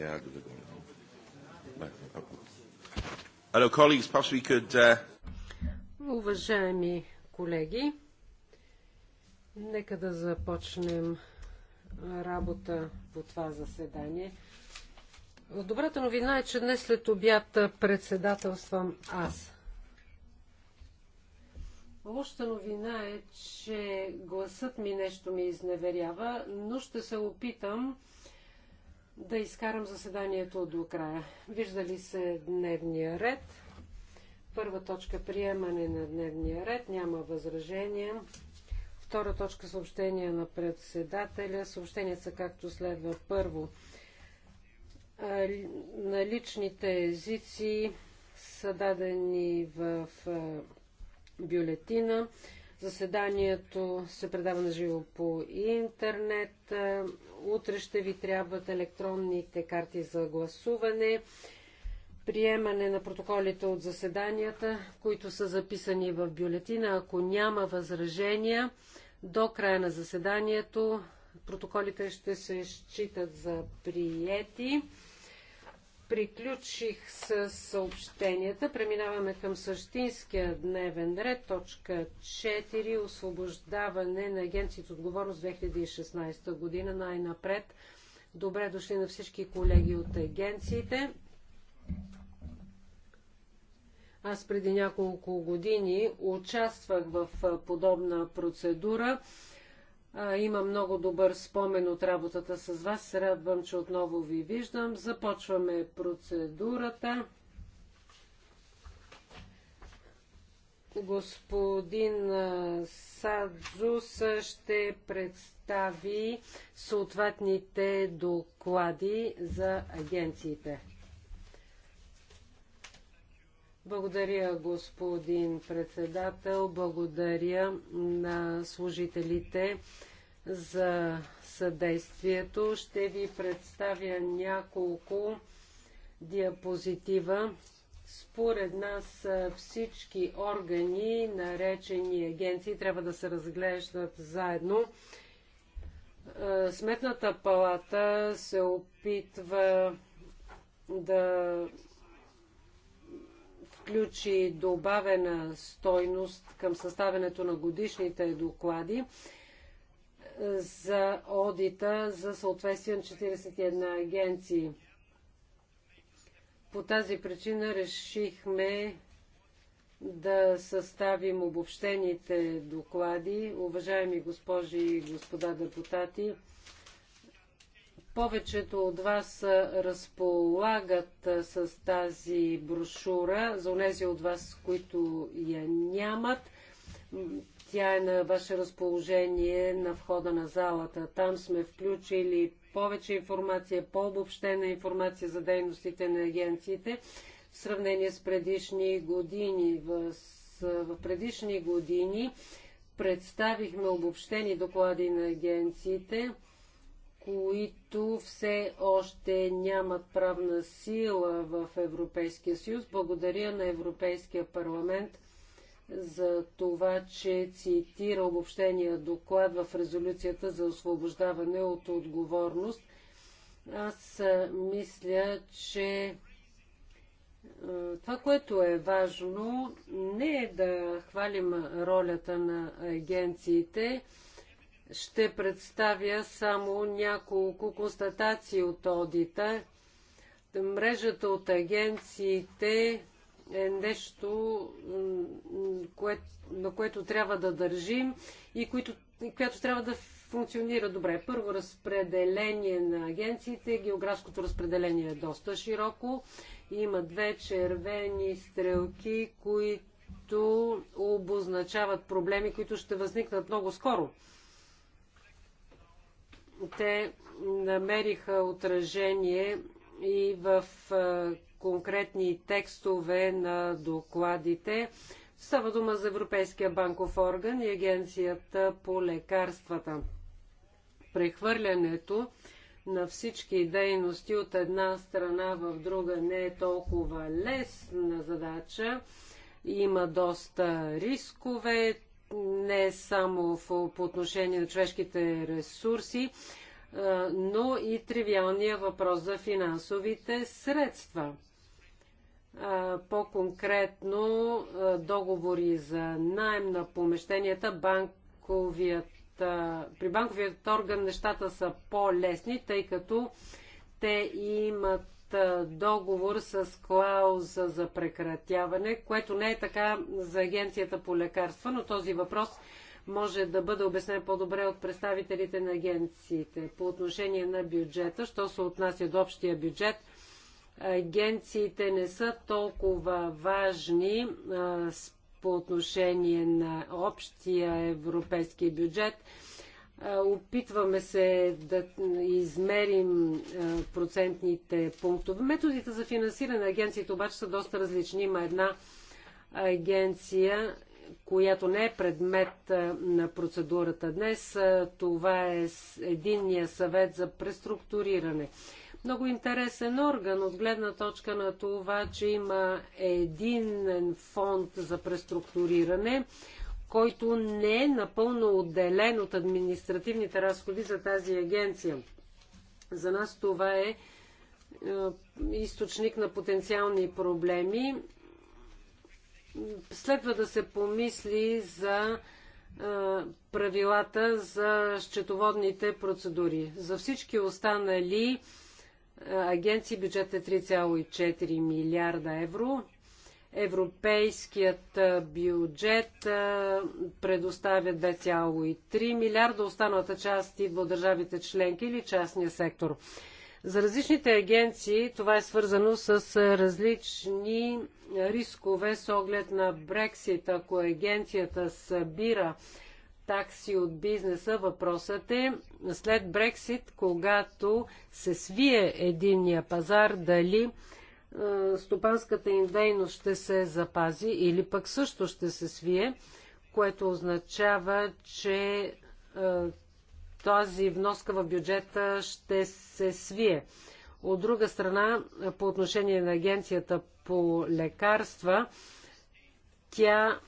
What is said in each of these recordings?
Uh, Уважаеми колеги, нека да започнем работа по това заседание. Добрата новина е, че днес след обяд председателствам аз. Лошата новина е, че гласът ми нещо ми изневерява, но ще се опитам да изкарам заседанието до края. Виждали се дневния ред. Първа точка приемане на дневния ред. Няма възражения. Втора точка съобщение на председателя. Съобщения са както следва. Първо, на личните езици са дадени в бюлетина. Заседанието се предава на живо по интернет. Е, утре ще ви трябват електронните карти за гласуване, приемане на протоколите от заседанията, които са записани в бюлетина. Ако няма възражения, до края на заседанието протоколите ще се считат за приети приключих с съобщенията. Преминаваме към същинския дневен ред. Точка 4. Освобождаване на агенцията отговорност 2016 година. Най-напред. Добре дошли на всички колеги от агенциите. Аз преди няколко години участвах в подобна процедура Имам има много добър спомен от работата с вас. Радвам, че отново ви виждам. Започваме процедурата. Господин Садзус ще представи съответните доклади за агенциите. Благодаря, господин председател. Благодаря на служителите за съдействието. Ще ви представя няколко диапозитива. Според нас всички органи, наречени агенции, трябва да се разглеждат заедно. Сметната палата се опитва да включи добавена стойност към съставянето на годишните доклади е, за одита за съответствие на 41 агенции. По тази причина решихме да съставим обобщените доклади. Уважаеми госпожи и господа депутати, повечето от вас разполагат с тази брошура, за тези от вас, които я нямат. Тя е на ваше разположение на входа на залата. Там сме включили повече информация, по-обобщена информация за дейностите на агенциите в сравнение с предишни години. В, в предишни години представихме обобщени доклади на агенциите които все още нямат правна сила в Европейския съюз. Благодаря на Европейския парламент за това, че цитира обобщения доклад в резолюцията за освобождаване от отговорност. Аз мисля, че това, което е важно, не е да хвалим ролята на агенциите, ще представя само няколко констатации от одита. Мрежата от агенциите е нещо, кое, на което трябва да държим и което която трябва да функционира добре. Първо разпределение на агенциите. Географското разпределение е доста широко. Има две червени стрелки, които обозначават проблеми, които ще възникнат много скоро те намериха отражение и в конкретни текстове на докладите. Става дума за Европейския банков орган и Агенцията по лекарствата. Прехвърлянето на всички дейности от една страна в друга не е толкова лесна задача. Има доста рискове, не само в, по отношение на човешките ресурси, но и тривиалния въпрос за финансовите средства. По-конкретно договори за найем на помещенията, банковият, при банковият орган нещата са по-лесни, тъй като те имат е, договор с клауза за прекратяване, което не е така за Агенцията по лекарства, но този въпрос може да бъде обяснен по-добре от представителите на агенциите. По отношение на бюджета, що се отнася до общия бюджет, агенциите не са толкова важни е, по отношение на общия европейски бюджет – Опитваме се да измерим процентните пунктове. Методите за финансиране на агенциите обаче са доста различни. Има една агенция, която не е предмет на процедурата днес. Това е единния съвет за преструктуриране. Много интересен орган от гледна точка на това, че има един фонд за преструктуриране който не е напълно отделен от административните разходи за тази агенция. За нас това е, е източник на потенциални проблеми. Следва да се помисли за е, правилата за счетоводните процедури. За всички останали е, агенции бюджет е 3,4 милиарда евро. Европейският бюджет предоставя 2,3 милиарда. Останалата част идва от държавите членки или частния сектор. За различните агенции това е свързано с различни рискове с оглед на Брексит. Ако агенцията събира такси от бизнеса, въпросът е след Брексит, когато се свие единния пазар, дали стопанската им дейност ще се запази или пък също ще се свие, което означава, че тази вноска в бюджета ще се свие. От друга страна, по отношение на агенцията по лекарства, тя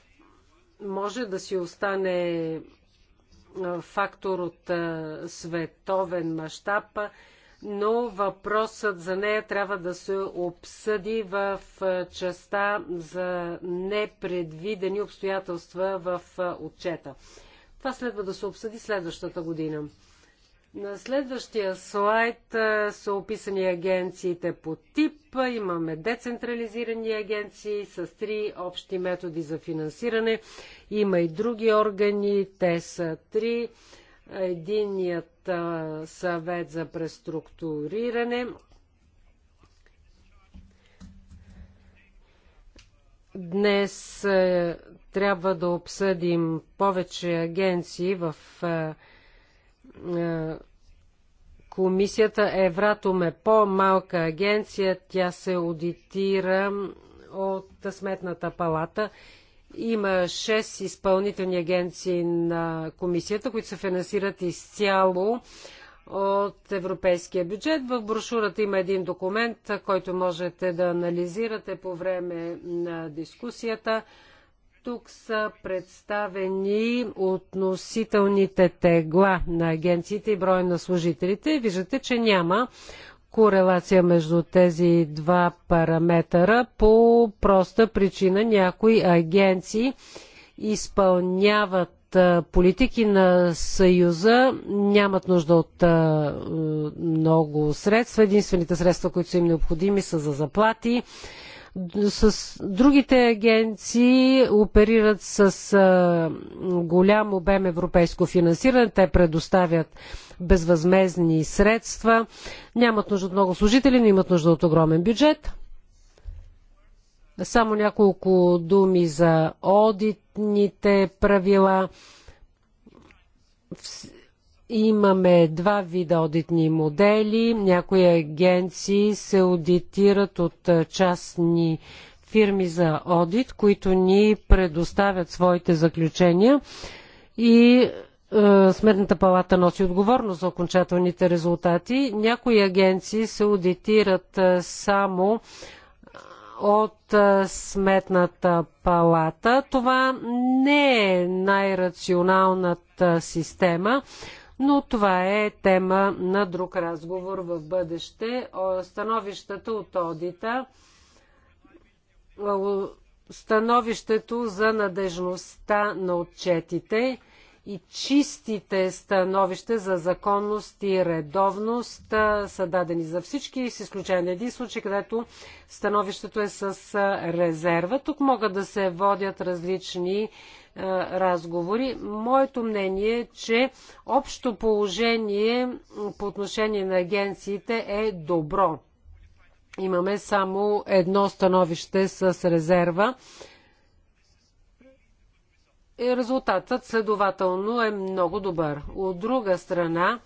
може да си остане фактор от световен мащаб но въпросът за нея трябва да се обсъди в частта за непредвидени обстоятелства в отчета. Това следва да се обсъди следващата година. На следващия слайд са описани агенциите по тип. Имаме децентрализирани агенции с три общи методи за финансиране. Има и други органи, те са три. Единият съвет за преструктуриране. Днес трябва да обсъдим повече агенции в комисията. Евратом е по-малка агенция, тя се аудитира от Сметната палата има 6 изпълнителни агенции на комисията, които се финансират изцяло от европейския бюджет. В брошурата има един документ, който можете да анализирате по време на дискусията. Тук са представени относителните тегла на агенциите и броя на служителите. Виждате, че няма корелация между тези два параметъра по проста причина някои агенции изпълняват политики на Съюза нямат нужда от много средства. Единствените средства, които са им необходими са за заплати с другите агенции оперират с а, голям обем европейско финансиране. Те предоставят безвъзмезни средства. Нямат нужда от много служители, но имат нужда от огромен бюджет. Само няколко думи за одитните правила Имаме два вида одитни модели. Някои агенции се аудитират от частни фирми за одит, които ни предоставят своите заключения и Сметната палата носи отговорност за окончателните резултати. Някои агенции се аудитират само от Сметната палата. Това не е най-рационалната система но това е тема на друг разговор в бъдеще. Становищата от одита, становището за надежността на отчетите – и чистите становища за законност и редовност са дадени за всички, с изключение на един случай, където становището е с резерва. Тук могат да се водят различни разговори. Моето мнение е, че общо положение по отношение на агенциите е добро. Имаме само едно становище с резерва е резултатът следователно е много добър. От друга страна,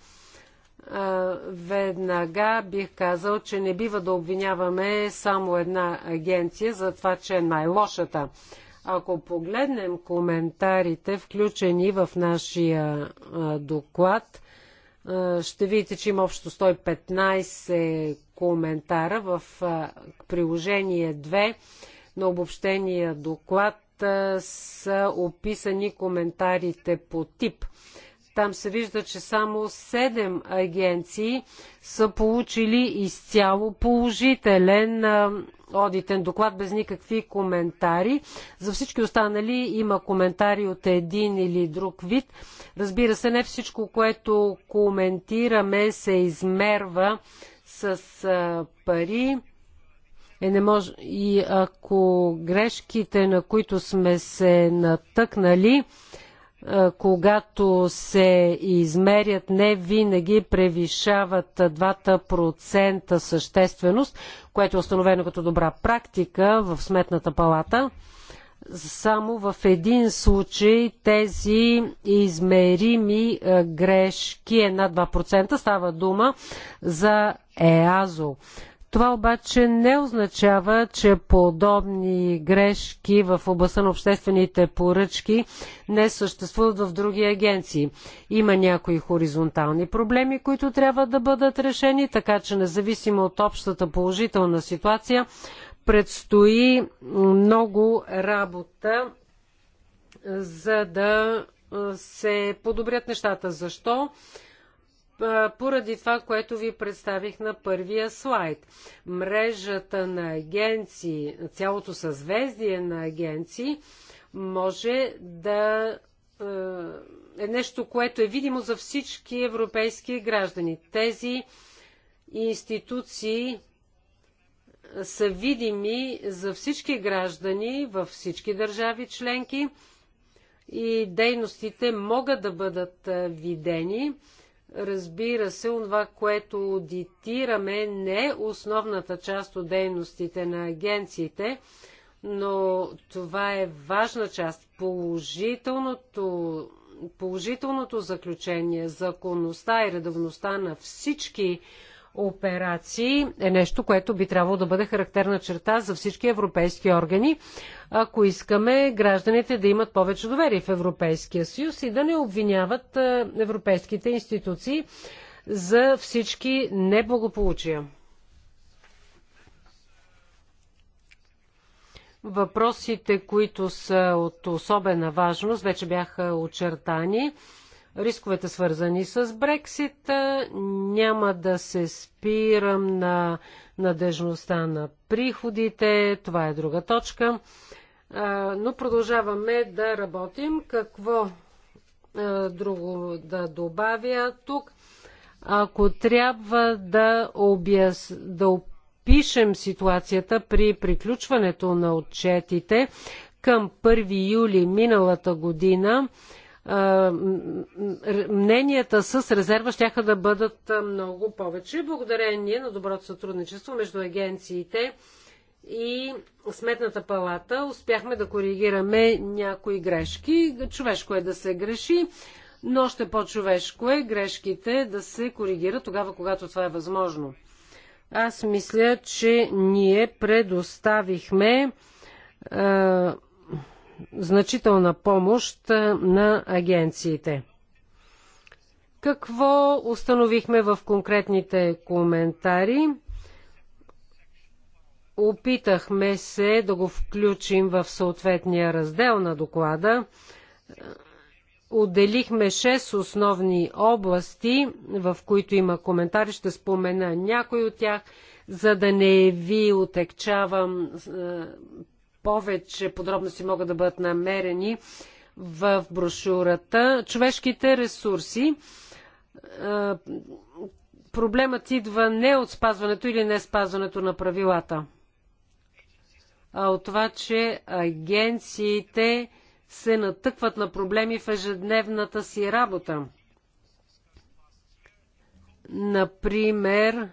веднага бих казал, че не бива да обвиняваме само една агенция за това, че е най-лошата. Ако погледнем коментарите, включени в нашия доклад, ще видите, че има общо 115 коментара в приложение 2 на обобщения доклад са описани коментарите по тип. Там се вижда, че само 7 агенции са получили изцяло положителен одитен доклад без никакви коментари. За всички останали има коментари от един или друг вид. Разбира се, не всичко, което коментираме, се измерва с пари е не мож... и ако грешките, на които сме се натъкнали, е, когато се измерят, не винаги превишават 2% същественост, което е установено като добра практика в Сметната палата. Само в един случай тези измерими е, грешки е над 2%. Става дума за ЕАЗО. Това обаче не означава, че подобни грешки в областта на обществените поръчки не съществуват в други агенции. Има някои хоризонтални проблеми, които трябва да бъдат решени, така че независимо от общата положителна ситуация, предстои много работа, за да се подобрят нещата. Защо? поради това, което ви представих на първия слайд. Мрежата на агенции, цялото съзвездие на агенции може да е нещо, което е видимо за всички европейски граждани. Тези институции са видими за всички граждани във всички държави членки и дейностите могат да бъдат видени Разбира се, това, което аудитираме, не е основната част от дейностите на агенциите, но това е важна част. Положителното, положителното заключение, законността и редовността на всички операции е нещо, което би трябвало да бъде характерна черта за всички европейски органи, ако искаме гражданите да имат повече доверие в Европейския съюз и да не обвиняват е, европейските институции за всички неблагополучия. Въпросите, които са от особена важност, вече бяха очертани рисковете свързани с Брексит. Няма да се спирам на надежността на приходите. Това е друга точка. Но продължаваме да работим. Какво друго да добавя тук? Ако трябва да, обяс... да опишем ситуацията при приключването на отчетите към 1 юли миналата година, мненията с резерва ще да бъдат много повече, благодарение на доброто сътрудничество между агенциите и Сметната палата. Успяхме да коригираме някои грешки. Човешко е да се греши, но още по-човешко е грешките да се коригират тогава, когато това е възможно. Аз мисля, че ние предоставихме значителна помощ на агенциите. Какво установихме в конкретните коментари? Опитахме се да го включим в съответния раздел на доклада. Отделихме 6 основни области, в които има коментари. Ще спомена някой от тях, за да не ви отекчавам повече подробности могат да бъдат намерени в брошурата. Човешките ресурси. Е, проблемът идва не от спазването или не спазването на правилата, а от това, че агенциите се натъкват на проблеми в ежедневната си работа. Например,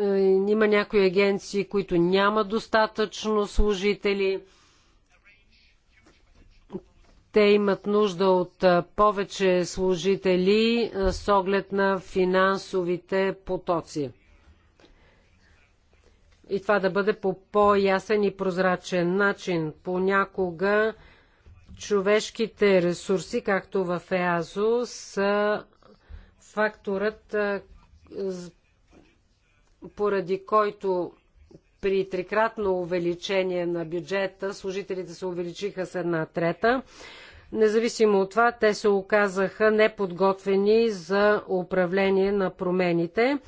е, има някои агенции, които няма достатъчно служители. Те имат нужда от е, повече служители е, с оглед на финансовите потоци. И това да бъде по по-ясен и прозрачен начин. Понякога човешките ресурси, както в ЕАЗО, са факторът, поради който при трикратно увеличение на бюджета служителите се увеличиха с една трета. Независимо от това, те се оказаха неподготвени за управление на промените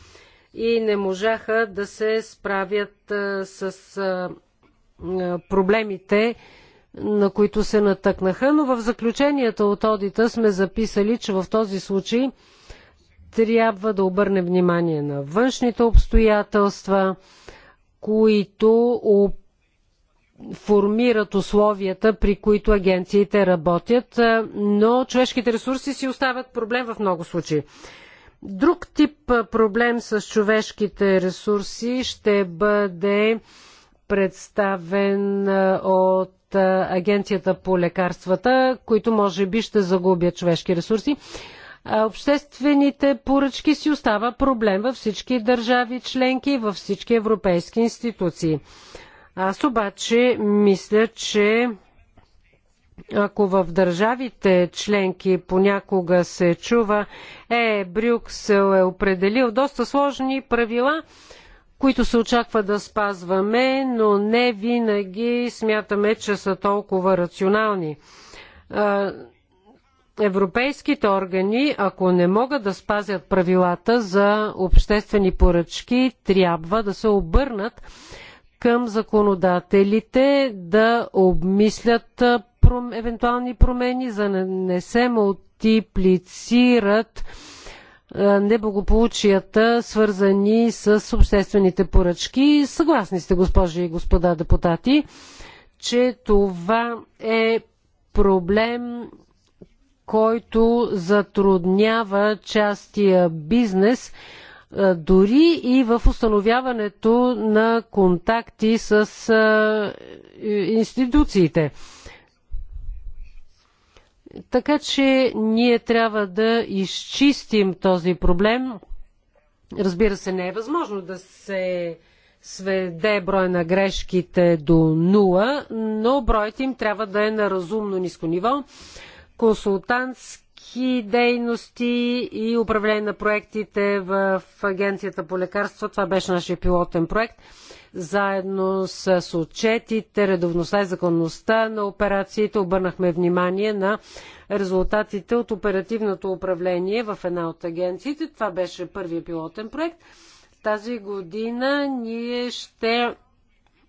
и не можаха да се справят а, с а, проблемите, на които се натъкнаха. Но в заключенията от одита сме записали, че в този случай трябва да обърне внимание на външните обстоятелства, които формират условията, при които агенциите работят, но човешките ресурси си остават проблем в много случаи. Друг тип проблем с човешките ресурси ще бъде представен от Агенцията по лекарствата, които може би ще загубят човешки ресурси обществените поръчки си остава проблем във всички държави членки, във всички европейски институции. Аз обаче мисля, че ако в държавите членки понякога се чува, е, Брюксел е определил доста сложни правила, които се очаква да спазваме, но не винаги смятаме, че са толкова рационални европейските органи, ако не могат да спазят правилата за обществени поръчки, трябва да се обърнат към законодателите да обмислят евентуални промени, за да не се мултиплицират неблагополучията, свързани с обществените поръчки. Съгласни сте, госпожи и господа депутати, че това е проблем който затруднява частия бизнес, дори и в установяването на контакти с институциите. Така че ние трябва да изчистим този проблем. Разбира се, не е възможно да се сведе брой на грешките до нула, но броят им трябва да е на разумно ниско ниво консултантски дейности и управление на проектите в Агенцията по лекарства. Това беше нашия пилотен проект. Заедно с отчетите, редовността и законността на операциите обърнахме внимание на резултатите от оперативното управление в една от агенциите. Това беше първият пилотен проект. Тази година ние ще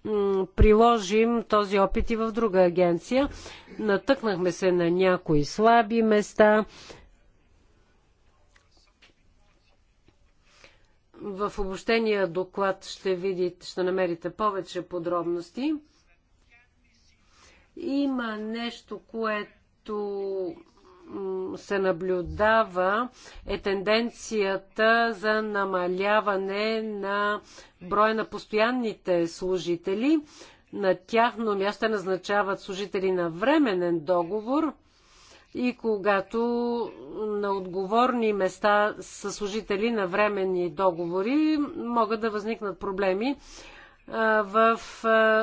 приложим този опит и в друга агенция. Натъкнахме се на някои слаби места. В обобщения доклад ще, видите, ще намерите повече подробности. Има нещо, което се наблюдава е тенденцията за намаляване на броя на постоянните служители. На тяхно място назначават служители на временен договор и когато на отговорни места са служители на временни договори, могат да възникнат проблеми в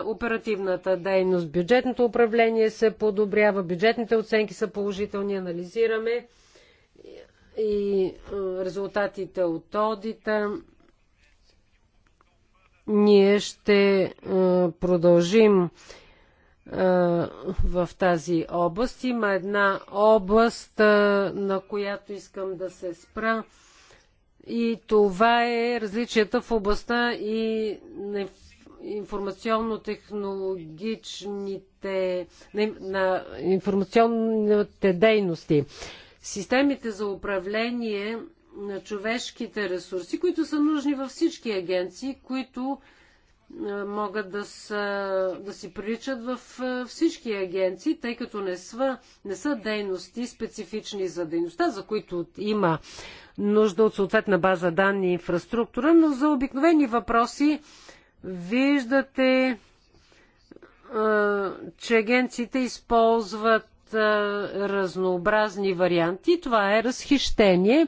оперативната дейност. Бюджетното управление се подобрява, бюджетните оценки са положителни, анализираме и резултатите от одита. Ние ще продължим в тази област. Има една област, на която искам да се спра. И това е различията в областта и на информационно-технологичните на, на информационните дейности. Системите за управление на човешките ресурси, които са нужни във всички агенции, които могат да, са, да си приличат в всички агенции, тъй като не са, не са дейности специфични за дейността, за които има нужда от съответна база данни и инфраструктура, но за обикновени въпроси Виждате, че агенците използват разнообразни варианти. Това е разхищение,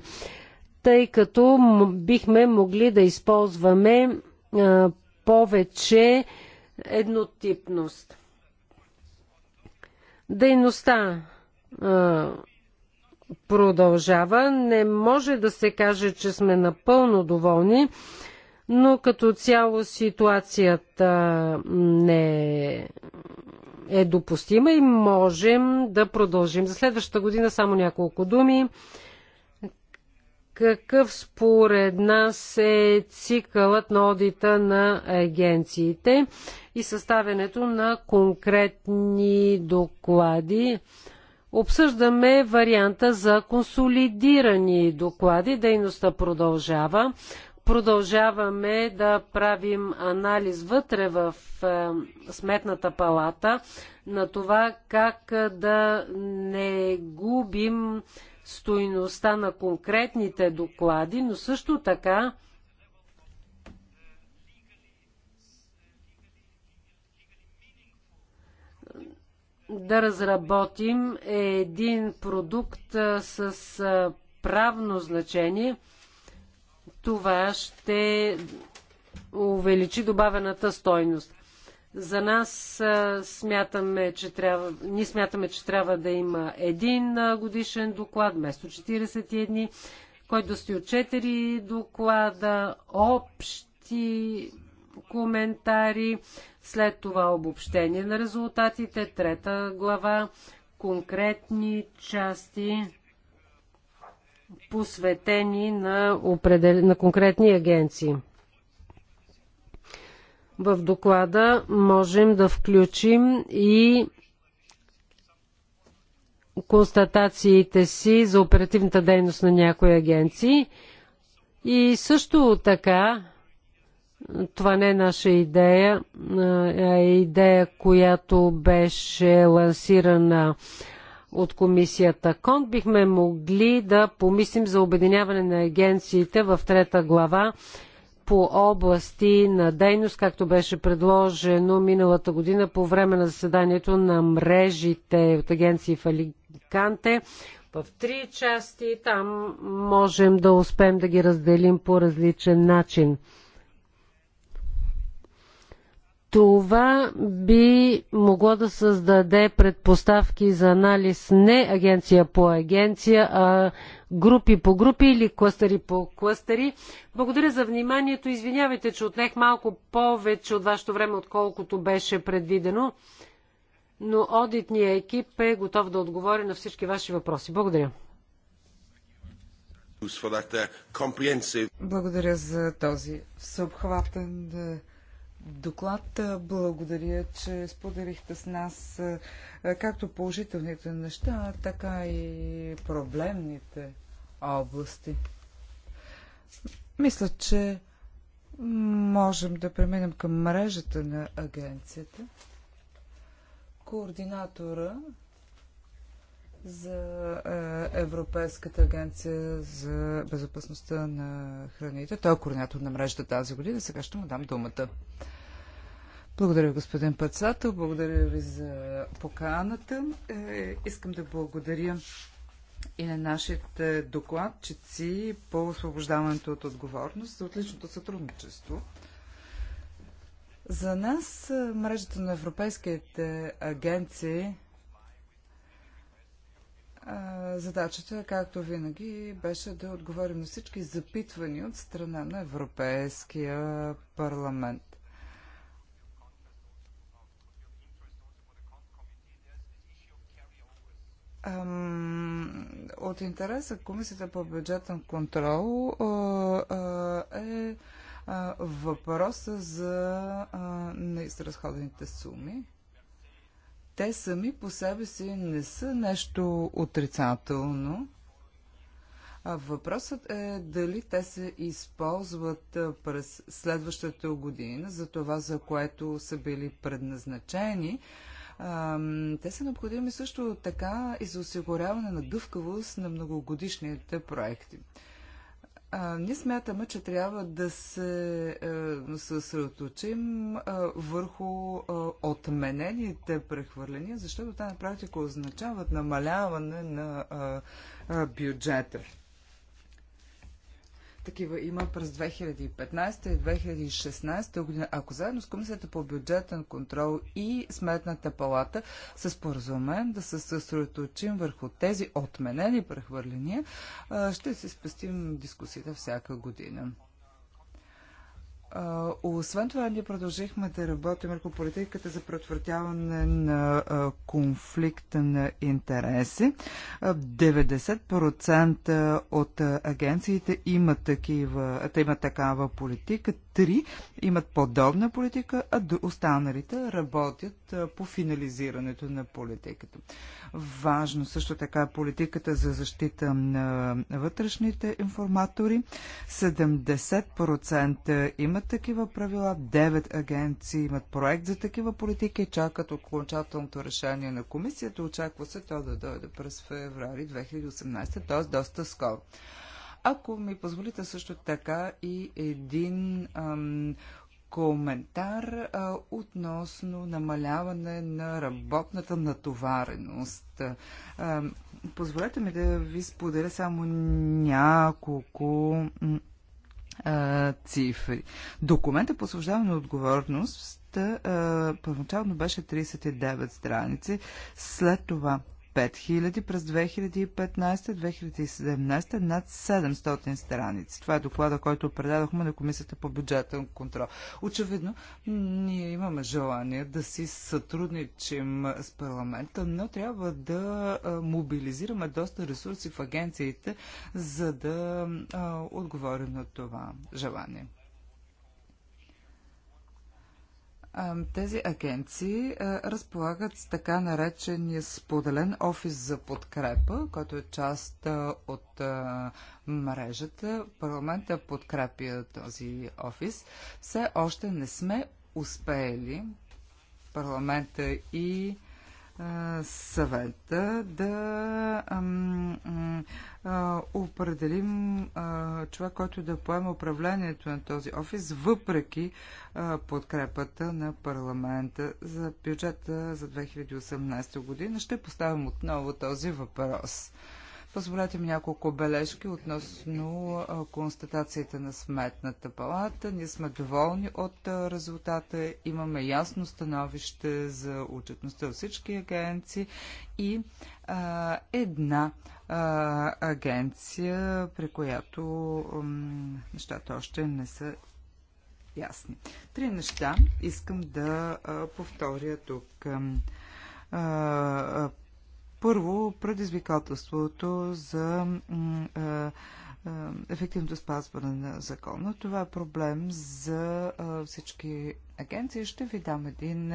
тъй като бихме могли да използваме повече еднотипност. Дейността продължава. Не може да се каже, че сме напълно доволни но като цяло ситуацията не е допустима и можем да продължим. За следващата година само няколко думи. Какъв според нас е цикълът на одита на агенциите и съставянето на конкретни доклади? Обсъждаме варианта за консолидирани доклади. Дейността продължава. Продължаваме да правим анализ вътре в е, Сметната палата на това как е, да не губим стоиността на конкретните доклади, но също така да разработим един продукт е, с правно значение – това ще увеличи добавената стойност. За нас смятаме, че трябва, ние смятаме, че трябва да има един годишен доклад, вместо 41, който сте от 4 доклада, общи коментари, след това обобщение на резултатите, трета глава, конкретни части посветени на, определ... на конкретни агенции. В доклада можем да включим и констатациите си за оперативната дейност на някои агенции. И също така, това не е наша идея, а е идея, която беше лансирана от комисията Кон, бихме могли да помислим за обединяване на агенциите в трета глава по области на дейност, както беше предложено миналата година по време на заседанието на мрежите от агенции в Аликанте в три части. Там можем да успеем да ги разделим по различен начин. Това би могло да създаде предпоставки за анализ не агенция по агенция, а групи по групи или клъстери по клъстери. Благодаря за вниманието. Извинявайте, че отнех малко повече от вашето време, отколкото беше предвидено, но одитният екип е готов да отговори на всички ваши въпроси. Благодаря. Благодаря за този всеобхватен доклад. Благодаря, че споделихте с нас както положителните неща, така и проблемните области. Мисля, че можем да преминем към мрежата на агенцията. Координатора за Европейската агенция за безопасността на храните. Той е координатор на мрежата тази година. Сега ще му дам думата. Благодаря, господин Пацател. Благодаря ви за поканата. Е, искам да благодаря и на нашите докладчици по освобождаването от отговорност за отличното сътрудничество. За нас е, мрежата на европейските агенции е, задачата, както винаги, беше да отговорим на всички запитвания от страна на Европейския парламент. от интереса Комисията по бюджетен контрол е въпроса за неизразходените суми. Те сами по себе си не са нещо отрицателно. Въпросът е дали те се използват през следващата година за това, за което са били предназначени те са необходими също така и за осигуряване на гъвкавост на многогодишните проекти. А, ние смятаме, че трябва да се а, е, съсредоточим а, е, върху а, е, отменените прехвърления, защото тази практика означават намаляване на а, а, бюджета такива има през 2015 и 2016 година. Ако заедно с Комисията по бюджетен контрол и Сметната палата се споразумеем да се съсредоточим върху тези отменени прехвърления, ще си спестим дискусията всяка година освен това, ние продължихме да работим върху политиката за предотвратяване на конфликта на интереси. 90% от агенциите имат, такива, имат такава политика три имат подобна политика, а останалите работят по финализирането на политиката. Важно също така е политиката за защита на вътрешните информатори. 70% имат такива правила, 9 агенции имат проект за такива политики и чакат окончателното решение на комисията. Очаква се то да дойде през феврари 2018, т.е. доста скоро. Ако ми позволите също така и един ам, коментар а, относно намаляване на работната натовареност. позволете ми да ви споделя само няколко а, цифри. Документа по на отговорност първоначално беше 39 страници, след това 5000 през 2015-2017 над 700 страници. Това е доклада, който предадохме на Комисията по бюджетен контрол. Очевидно, ние имаме желание да си сътрудничим с парламента, но трябва да мобилизираме доста ресурси в агенциите, за да отговорим на това желание. Тези агенции разполагат с така наречения споделен офис за подкрепа, който е част от мрежата. Парламента подкрепя този офис. Все още не сме успели парламента и съвета да определим човек, който да поеме управлението на този офис, въпреки подкрепата на парламента за бюджета за 2018 година. Ще поставим отново този въпрос. Позволете ми няколко бележки относно констатацията на Сметната палата. Ние сме доволни от резултата, имаме ясно становище за отчетността от всички агенции и а, една а, агенция, при която м, нещата още не са ясни. Три неща искам да а, повторя тук. А, а, първо, предизвикателството за ефективното спазване на закона. Това е проблем за всички агенции. Ще ви дам един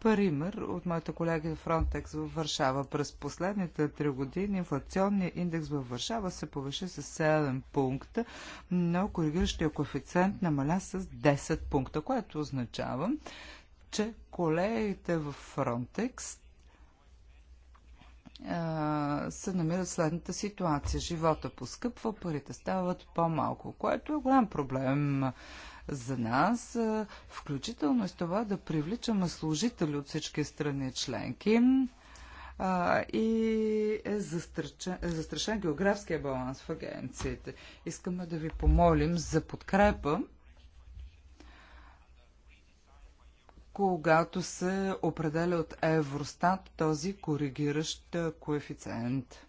пример от моята колега Frontex във Варшава. През последните три години инфлационният индекс във Варшава се повиши с 7 пункта, но коригиращия коефициент намаля с 10 пункта, което означава, че колегите в Frontex се намира следната ситуация. Живота поскъпва, парите стават по-малко, което е голям проблем за нас, включително и с това да привличаме служители от всички страни членки и е застрашен, е застрашен географския баланс в агенциите. Искаме да ви помолим за подкрепа когато се определя от Евростат този коригиращ коефициент.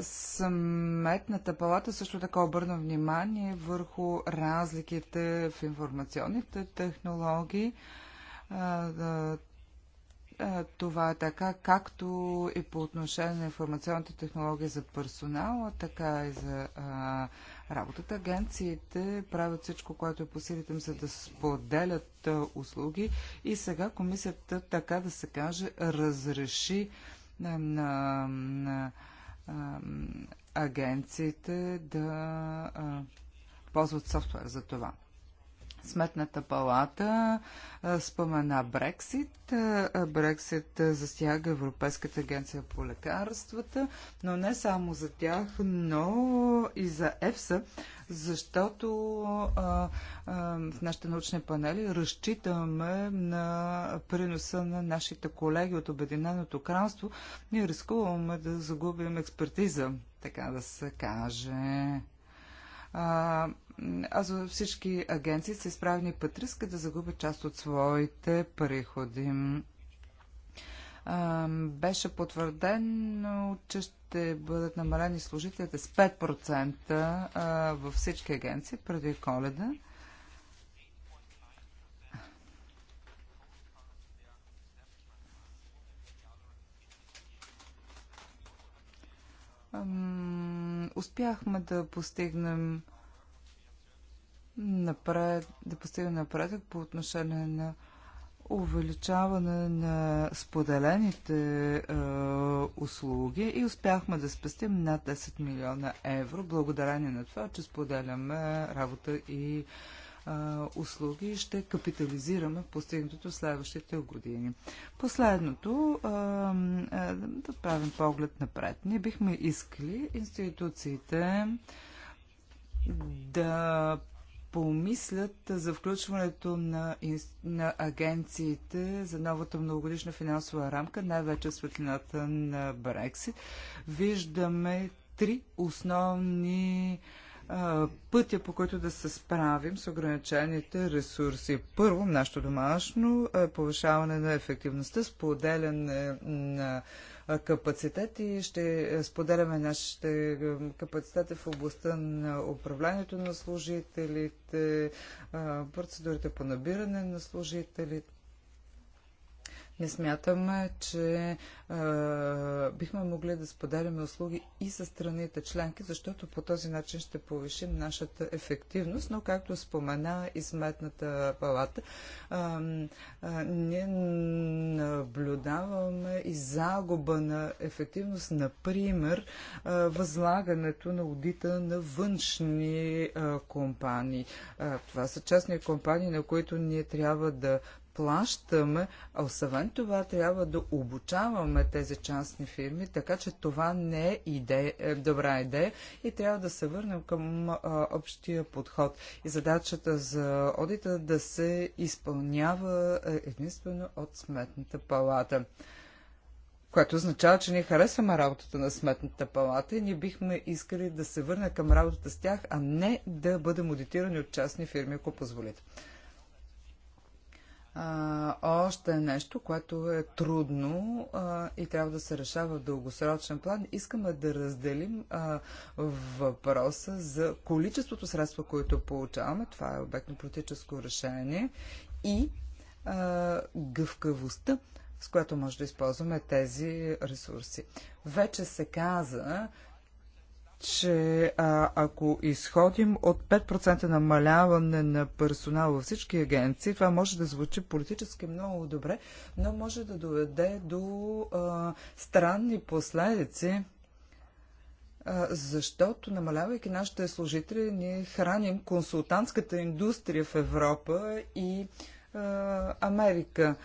Сметната палата също така обърна внимание върху разликите в информационните технологии. Това е така, както и по отношение на информационните технология за персонала, така и за а, работата. Агенциите правят всичко, което е по силите им, за да споделят а, услуги. И сега комисията, така да се каже, разреши на, на, на а, агенциите да а, ползват софтуер за това. Сметната палата спомена Брексит. Брексит засяга Европейската агенция по лекарствата, но не само за тях, но и за ЕФСА, защото а, а, в нашите научни панели разчитаме на приноса на нашите колеги от Обединеното кралство. Ние рискуваме да загубим експертиза, така да се каже а, аз всички агенции са изправени път риска да загубят част от своите приходи. А, беше потвърдено, че ще бъдат намалени служителите с 5% а, във всички агенции преди коледа. Ам успяхме да постигнем напред, да постигнем напредък по отношение на увеличаване на споделените е, услуги и успяхме да спестим над 10 милиона евро, благодарение на това, че споделяме работа и а, услуги ще капитализираме постигнатото в следващите години. Последното, а, а, да правим поглед напред. Ние бихме искали институциите да помислят за включването на, на агенциите за новата многогодишна финансова рамка, най-вече светлината на Брексит. Виждаме три основни а, пътя, по който да се справим с ограничените ресурси. Първо, нашето домашно повишаване на ефективността, споделяне на капацитет и ще споделяме нашите капацитети в областта на управлението на служителите, процедурите по набиране на служителите, не смятаме, че а, бихме могли да споделяме услуги и с страните членки, защото по този начин ще повишим нашата ефективност, но както спомена и сметната палата, а, а, ние наблюдаваме и загуба на ефективност, например, а, възлагането на аудита на външни а, компании. А, това са частни компании, на които ние трябва да плащаме, а освен това трябва да обучаваме тези частни фирми, така че това не е идея, е, добра идея и трябва да се върнем към а, общия подход. И задачата за одита да се изпълнява е, единствено от Сметната палата. Което означава, че ние харесваме работата на Сметната палата и ние бихме искали да се върне към работата с тях, а не да бъдем аудитирани от частни фирми, ако позволите а, още нещо, което е трудно а, и трябва да се решава в дългосрочен план. Искаме да разделим а, въпроса за количеството средства, които получаваме. Това е обект на политическо решение. И а, гъвкавостта, с която може да използваме тези ресурси. Вече се каза, че а, ако изходим от 5% намаляване на персонал във всички агенции, това може да звучи политически много добре, но може да доведе до а, странни последици, а, защото намалявайки нашите служители, ние храним консултантската индустрия в Европа и а, Америка.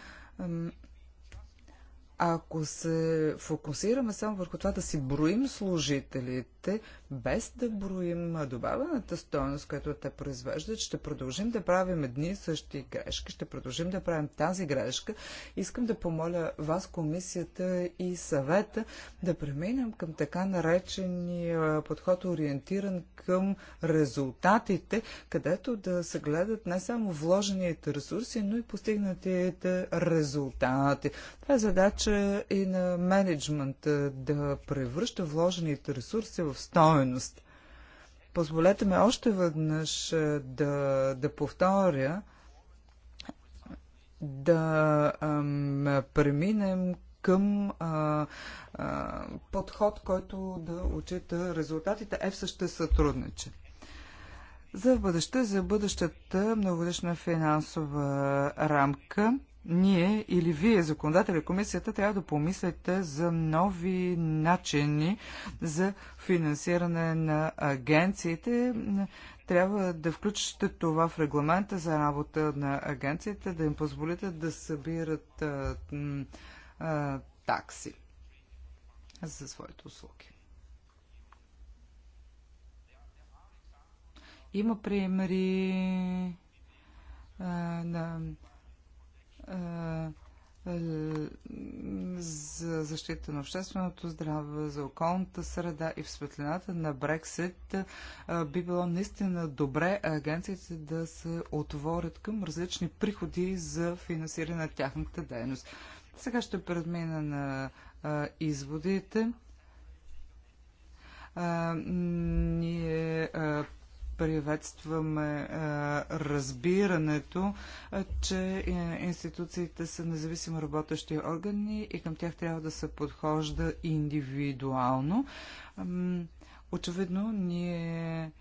Ако се фокусираме само върху това да си броим служителите, без да броим добавената стоеност, която те произвеждат, ще продължим да правим едни и същи грешки, ще продължим да правим тази грешка. Искам да помоля вас, комисията и съвета, да преминем към така наречения подход, ориентиран към резултатите, където да се гледат не само вложените ресурси, но и постигнатите резултати. Това е задача и на менеджмента да превръща вложените ресурси в стоеност стойност. Позволете ме още веднъж е, да, да повторя, да ам, преминем към а, а, подход, който да отчита резултатите. ЕФСА ще сътрудниче. За бъдеще, за бъдещата многодишна финансова рамка ние или вие, законодателя комисията, трябва да помислите за нови начини за финансиране на агенциите. Трябва да включите това в регламента за работа на агенциите, да им позволите да събират а, а, такси за своите услуги. Има примери а, на е, е, за защита на общественото здраве, за околната среда и в светлината на Брексит е, би било наистина добре агенциите да се отворят към различни приходи за финансиране на тяхната дейност. Сега ще предмина на изводите. ние приветстваме е, разбирането, е, че е, институциите са независимо работещи органи и към тях трябва да се подхожда индивидуално. Очевидно, ние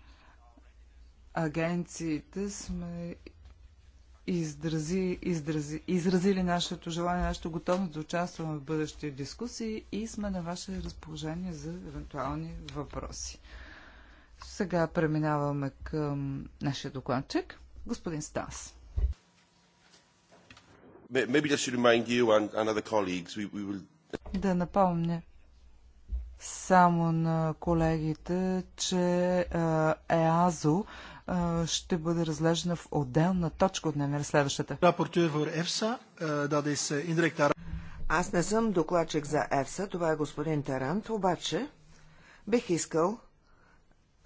агенциите сме изрази, изрази, изразили нашето желание, нашето готовност да участваме в бъдещи дискусии и сме на ваше разположение за евентуални въпроси. Сега преминаваме към нашия докладчик, господин Стас. Will... Да напомня само на колегите, че ЕАЗО ще бъде разглеждана в отделна точка от нея. следващата. Аз не съм докладчик за ЕФСА, това е господин Тарант, обаче бих искал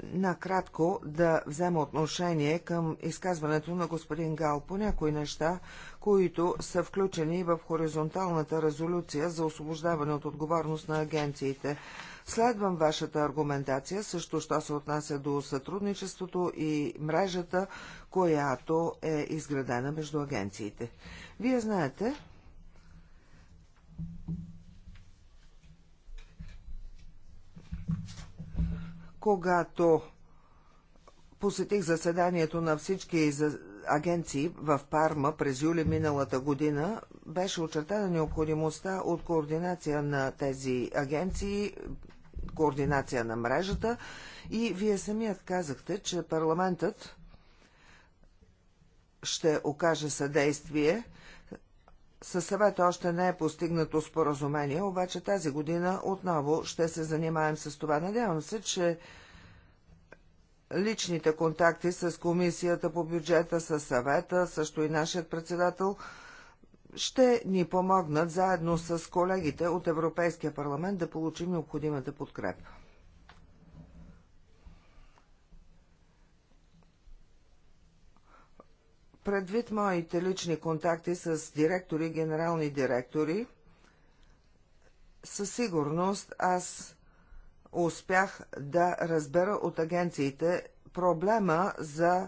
накратко да взема отношение към изказването на господин Гал по някои неща, които са включени в хоризонталната резолюция за освобождаване от отговорност на агенциите. Следвам вашата аргументация, също що се отнася до сътрудничеството и мрежата, която е изградена между агенциите. Вие знаете, когато посетих заседанието на всички агенции в Парма през юли миналата година, беше очертана необходимостта от координация на тези агенции, координация на мрежата и вие самият казахте, че парламентът ще окаже съдействие със съвета още не е постигнато споразумение, обаче тази година отново ще се занимаем с това. Надявам се, че личните контакти с комисията по бюджета, с съвета, също и нашият председател, ще ни помогнат заедно с колегите от Европейския парламент да получим необходимата подкрепа. Предвид моите лични контакти с директори и генерални директори, със сигурност аз успях да разбера от агенциите проблема за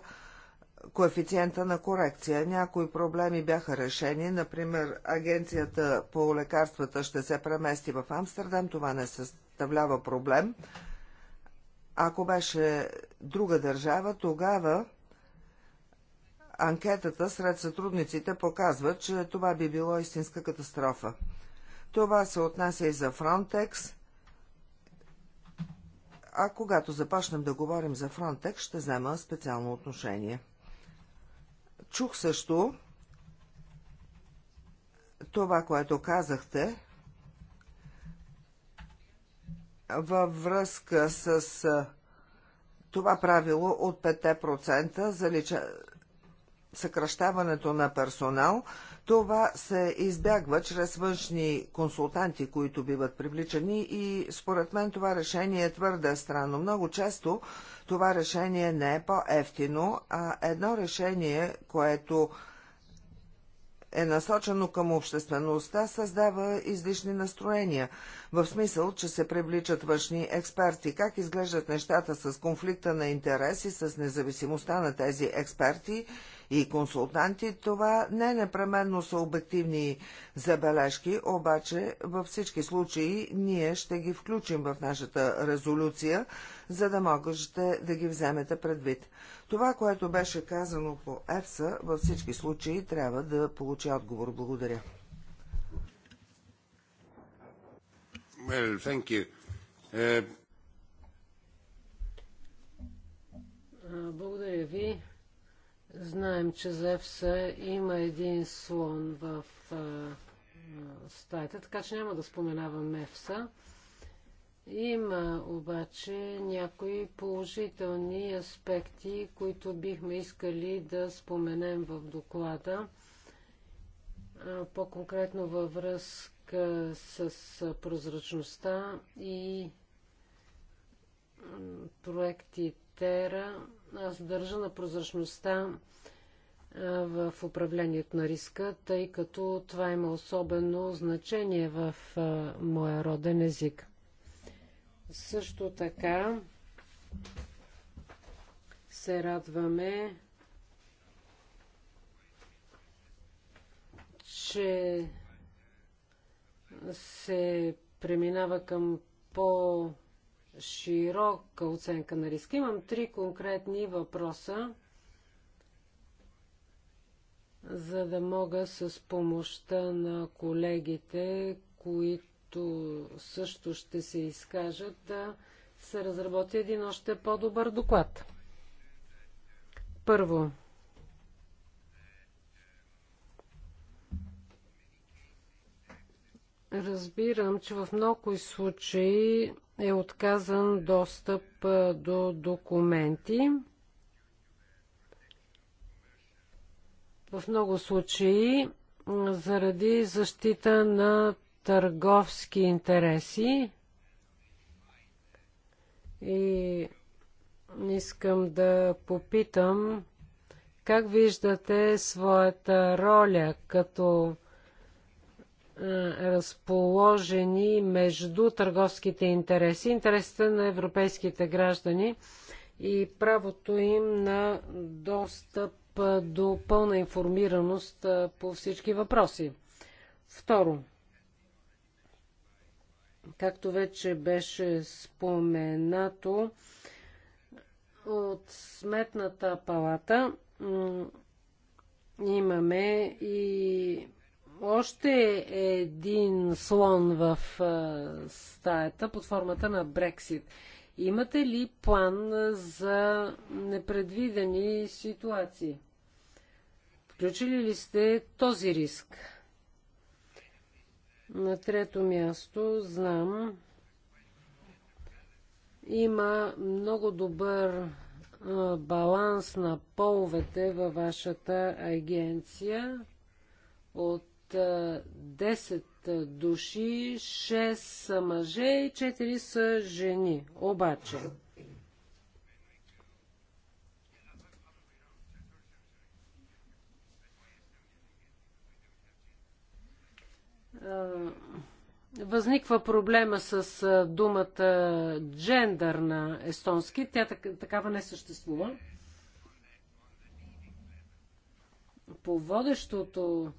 коефициента на корекция. Някои проблеми бяха решени, например агенцията по лекарствата ще се премести в Амстердам, това не съставлява проблем. Ако беше друга държава, тогава анкетата сред сътрудниците показва, че това би било истинска катастрофа. Това се отнася и за Фронтекс. А когато започнем да говорим за Фронтекс, ще взема специално отношение. Чух също това, което казахте във връзка с това правило от 5% за лича съкръщаването на персонал, това се избягва чрез външни консултанти, които биват привличани и според мен това решение е твърде странно. Много често това решение не е по-ефтино, а едно решение, което е насочено към обществеността, създава излишни настроения, в смисъл, че се привличат външни експерти. Как изглеждат нещата с конфликта на интереси, с независимостта на тези експерти и консултанти. Това не непременно са обективни забележки, обаче във всички случаи ние ще ги включим в нашата резолюция, за да можете да ги вземете предвид. Това, което беше казано по ЕФСА, във всички случаи трябва да получи отговор. Благодаря. Well, thank you. Uh... Благодаря ви. Знаем, че за има един слон в а, стаята, така че няма да споменавам ЕФСА. Има обаче някои положителни аспекти, които бихме искали да споменем в доклада. По-конкретно във връзка с прозрачността и проекти ТЕРА аз държа на прозрачността в управлението на риска, тъй като това има особено значение в моя роден език. Също така се радваме, че се преминава към по- широка оценка на риска. Имам три конкретни въпроса, за да мога с помощта на колегите, които също ще се изкажат, да се разработи един още по-добър доклад. Първо, Разбирам, че в много случаи е отказан достъп до документи. В много случаи заради защита на търговски интереси и искам да попитам как виждате своята роля като е, разположени между търговските интереси, интересите на европейските граждани и правото им на достъп до пълна информираност е, по всички въпроси. Второ, както вече беше споменато от Сметната палата, имаме и още един слон в стаята под формата на Брексит. Имате ли план за непредвидени ситуации? Включили ли сте този риск? На трето място знам, има много добър баланс на половете във вашата агенция. От 10 души, 6 са мъже и 4 са жени. Обаче, възниква проблема с думата джендър на естонски. Тя такава не съществува. По водещото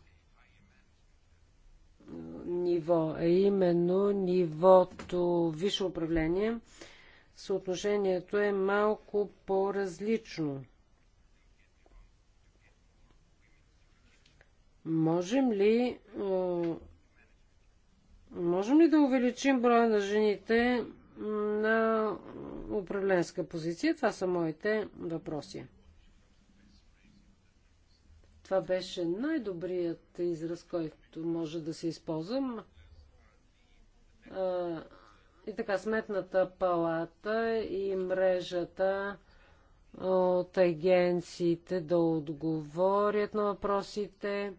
ниво, а именно нивото висше управление, съотношението е малко по-различно. Можем ли, можем ли да увеличим броя на жените на управленска позиция? Това са моите въпроси. Това беше най-добрият израз, който може да се използвам. И така, сметната палата и мрежата от агенциите да отговорят на въпросите.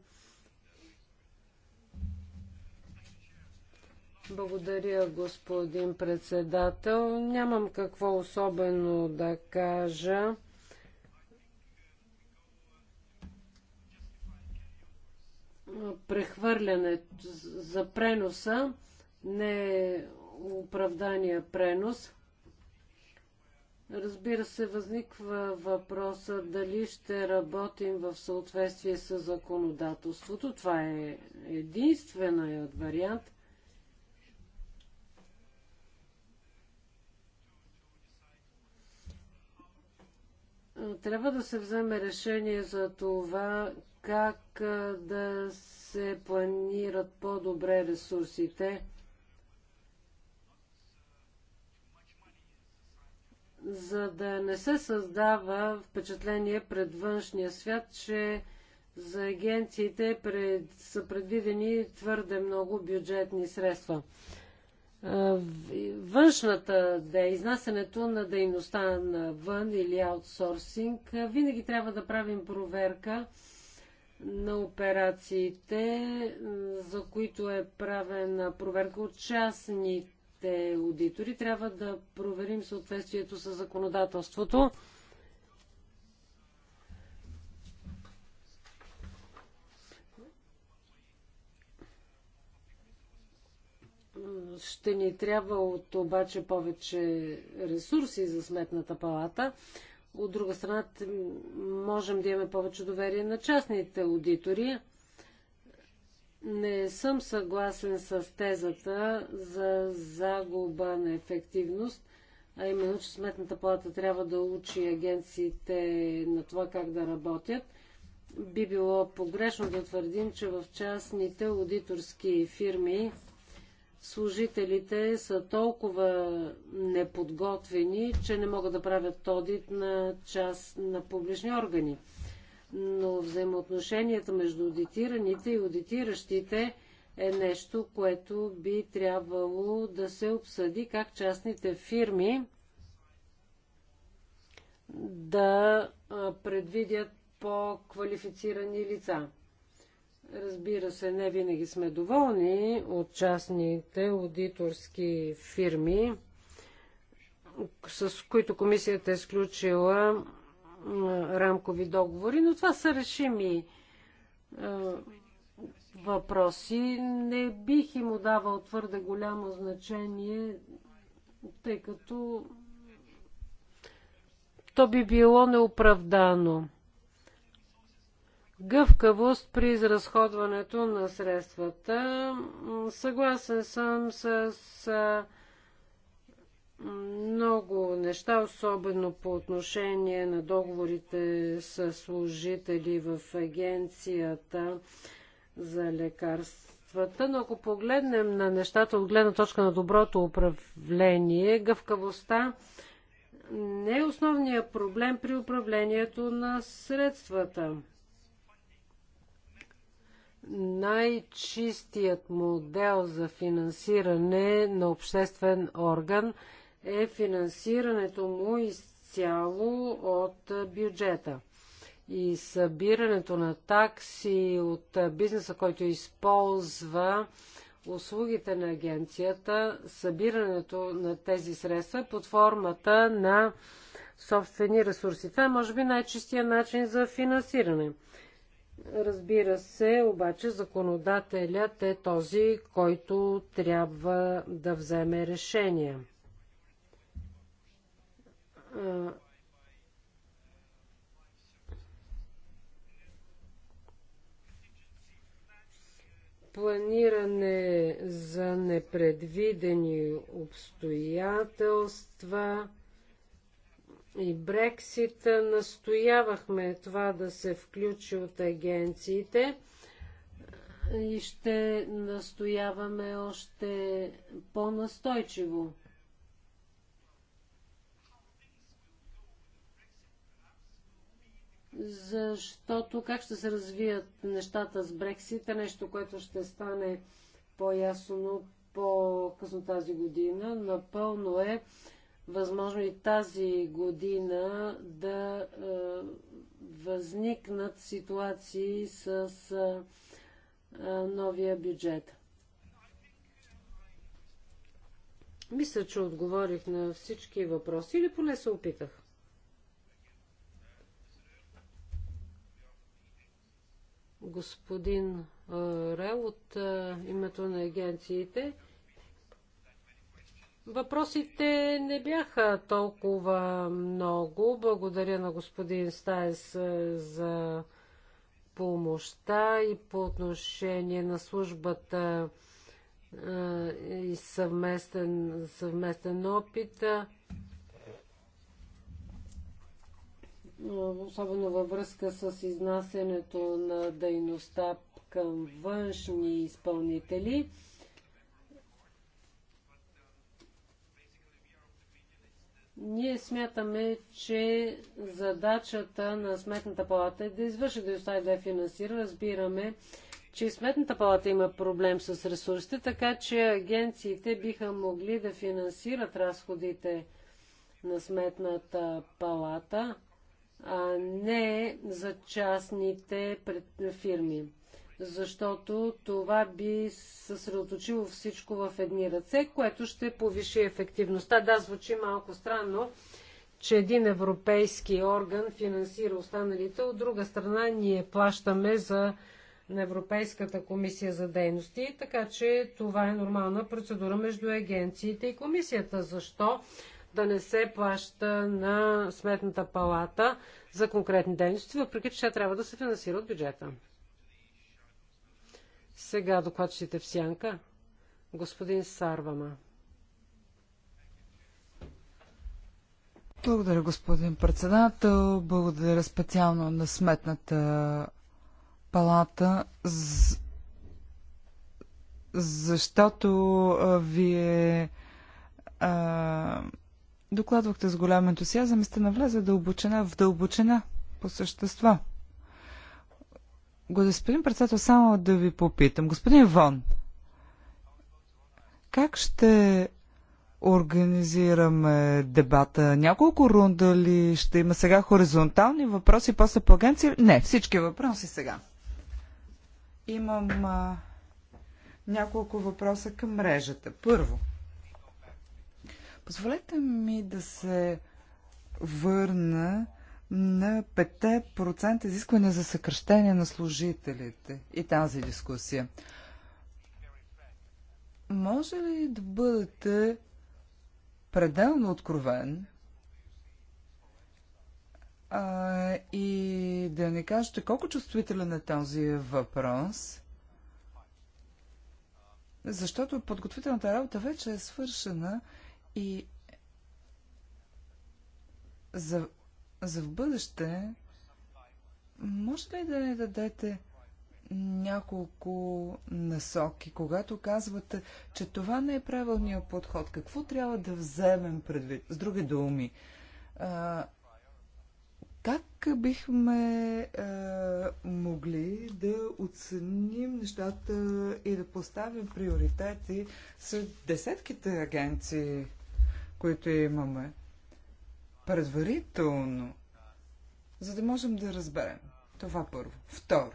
Благодаря, господин председател. Нямам какво особено да кажа. прехвърлянето за преноса, не е оправдания пренос. Разбира се, възниква въпроса дали ще работим в съответствие с законодателството. Това е единственият вариант. Трябва да се вземе решение за това как да се планират по-добре ресурсите. за да не се създава впечатление пред външния свят, че за агенциите пред, са предвидени твърде много бюджетни средства. Външната да е изнасянето на дейността на вън или аутсорсинг, винаги трябва да правим проверка на операциите, за които е правена проверка от частните аудитори. Трябва да проверим съответствието с законодателството. Ще ни трябва от обаче повече ресурси за сметната палата. От друга страна, можем да имаме повече доверие на частните аудитори. Не съм съгласен с тезата за загуба на ефективност, а именно, че Сметната плата трябва да учи агенциите на това как да работят. Би било погрешно да твърдим, че в частните аудиторски фирми служителите са толкова неподготвени, че не могат да правят одит на част на публични органи. Но взаимоотношенията между аудитираните и аудитиращите е нещо, което би трябвало да се обсъди как частните фирми да предвидят по-квалифицирани лица. Разбира се, не винаги сме доволни от частните аудиторски фирми, с които комисията е сключила рамкови договори, но това са решими е, въпроси. Не бих им отдавал твърде голямо значение, тъй като то би било неоправдано гъвкавост при изразходването на средствата. Съгласен съм с много неща, особено по отношение на договорите с служители в агенцията за лекарствата. Но ако погледнем на нещата от гледна точка на доброто управление, гъвкавостта не е основният проблем при управлението на средствата най-чистият модел за финансиране на обществен орган е финансирането му изцяло от бюджета и събирането на такси от бизнеса, който използва услугите на агенцията, събирането на тези средства под формата на собствени ресурси. Това е, може би, най-чистия начин за финансиране. Разбира се, обаче законодателят е този, който трябва да вземе решение. Планиране за непредвидени обстоятелства – и Брексит настоявахме това да се включи от агенциите и ще настояваме още по-настойчиво. Защото как ще се развият нещата с Брексита, нещо, което ще стане по-ясно по-късно тази година, напълно е възможно и тази година да е, възникнат ситуации с е, новия бюджет. Мисля, че отговорих на всички въпроси или поне се опитах. Господин Рел от е, името на агенциите. Въпросите не бяха толкова много. Благодаря на господин Стаес е, за помощта и по отношение на службата е, и съвместен, съвместен опит. Особено във връзка с изнасянето на дейността към външни изпълнители. Ние смятаме, че задачата на Сметната палата е да извърши да остави да я финансира. Разбираме, че Сметната палата има проблем с ресурсите, така че агенциите биха могли да финансират разходите на Сметната палата, а не за частните фирми защото това би съсредоточило всичко в едни ръце, което ще повиши ефективността. Да, звучи малко странно, че един европейски орган финансира останалите, от друга страна ние плащаме за на Европейската комисия за дейности, така че това е нормална процедура между агенциите и комисията. Защо да не се плаща на Сметната палата за конкретни дейности, въпреки че тя трябва да се финансира от бюджета? Сега докладчите в сянка. Господин Сарвама. Благодаря, господин председател. Благодаря специално на Сметната палата, защото вие а, докладвахте с голям ентусиазъм и сте навлезе дълбочина в дълбочина по същества. Господин председател, само да ви попитам. Господин Вон, как ще организираме дебата? Няколко рунда ли ще има сега хоризонтални въпроси, после по агенция? Не, всички въпроси сега. Имам а, няколко въпроса към мрежата. Първо, позволете ми да се върна на 5% изискване за съкръщение на служителите и тази дискусия. Може ли да бъдете пределно откровен а, и да ни кажете колко чувствителен е този въпрос? Защото подготвителната работа вече е свършена и за за в бъдеще, може ли да ни дадете няколко насоки, когато казвате, че това не е правилният подход, какво трябва да вземем предвид? С други думи, а, как бихме а, могли да оценим нещата и да поставим приоритети с десетките агенции, които имаме? предварително, за да можем да разберем. Това първо. Второ.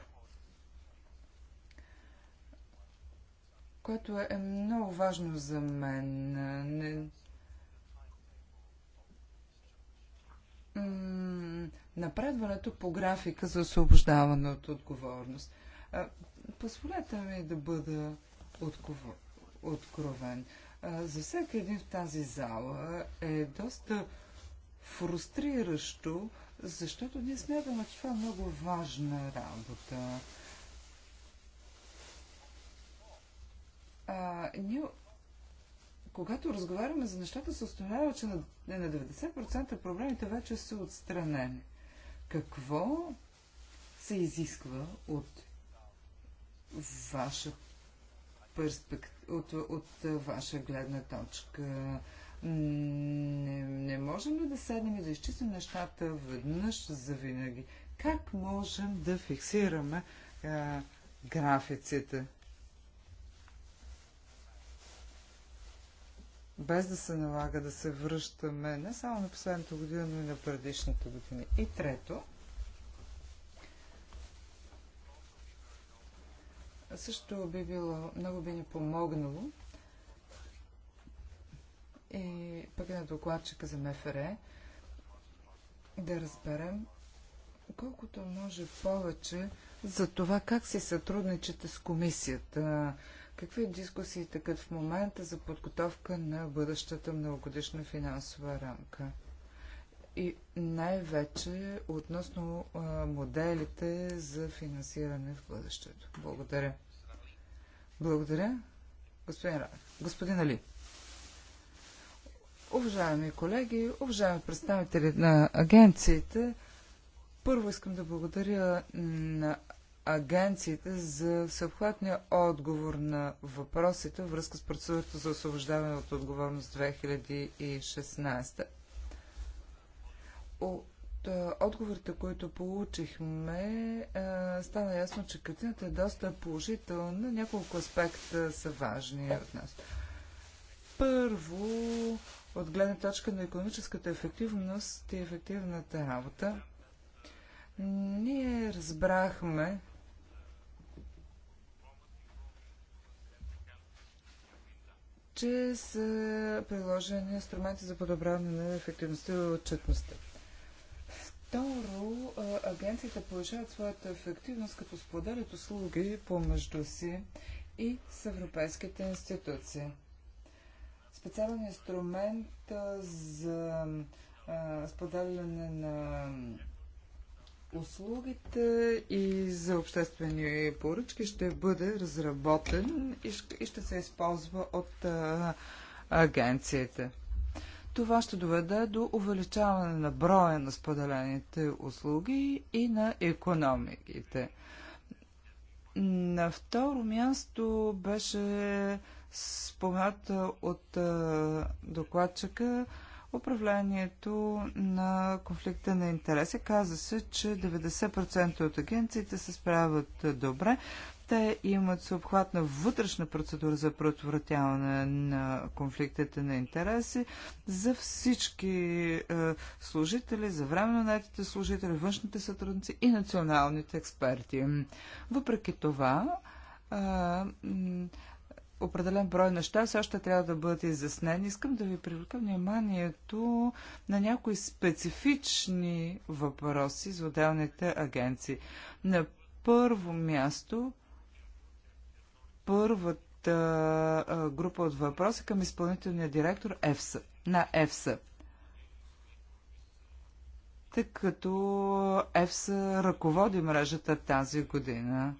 което е, е много важно за мен. Не... Напредването по графика за освобождаване от отговорност. Позволете ми да бъда откровен. За всеки един в тази зала е доста фрустриращо, защото ние смятаме, че това е много важна работа. А, ние, когато разговаряме за нещата, се установява, че на, на 90% проблемите вече са отстранени. Какво се изисква от ваша от, от ваша гледна точка? Не, не можем ли да седнем и да изчистим нещата веднъж за винаги? Как можем да фиксираме а, графиците? без да се налага да се връщаме не само на последната година, но и на предишната година. И трето, също би било, много би ни помогнало и е пък и на докладчика за МФР да разберем колкото може повече за това как си сътрудничате с комисията, какви дискусии тъкат в момента за подготовка на бъдещата многогодишна финансова рамка. И най-вече относно а, моделите за финансиране в бъдещето. Благодаря. Благодаря. Господин, Ра... Господин Али. Уважаеми колеги, уважаеми представители на агенциите, първо искам да благодаря на агенциите за всеобхватния отговор на въпросите във връзка с процедурата за освобождаване от отговорност 2016. От отговорите, които получихме, стана ясно, че картината е доста положителна. Няколко аспекта са важни от нас. Първо, от гледна точка на економическата ефективност и ефективната работа, ние разбрахме, че са приложени инструменти за подобряване на ефективността и отчетността. Второ, агенциите повишават своята ефективност, като споделят услуги помежду си и с европейските институции специален инструмент за споделяне на услугите и за обществени поръчки ще бъде разработен и ще се използва от агенцията. Това ще доведе до увеличаване на броя на споделените услуги и на економиките. На второ място беше споменат от докладчика, управлението на конфликта на интереси. Каза се, че 90% от агенциите се справят добре. Те имат съобхватна вътрешна процедура за предотвратяване на конфликтите на интереси за всички служители, за временно наетите служители, външните сътрудници и националните експерти. Въпреки това, определен брой неща все още трябва да бъдат изяснени. Искам да ви привлека вниманието на някои специфични въпроси за отделните агенции. На първо място, първата група от въпроси към изпълнителния директор ЕФСА, на ЕФСА. Тъй като ЕФСА ръководи мрежата тази година.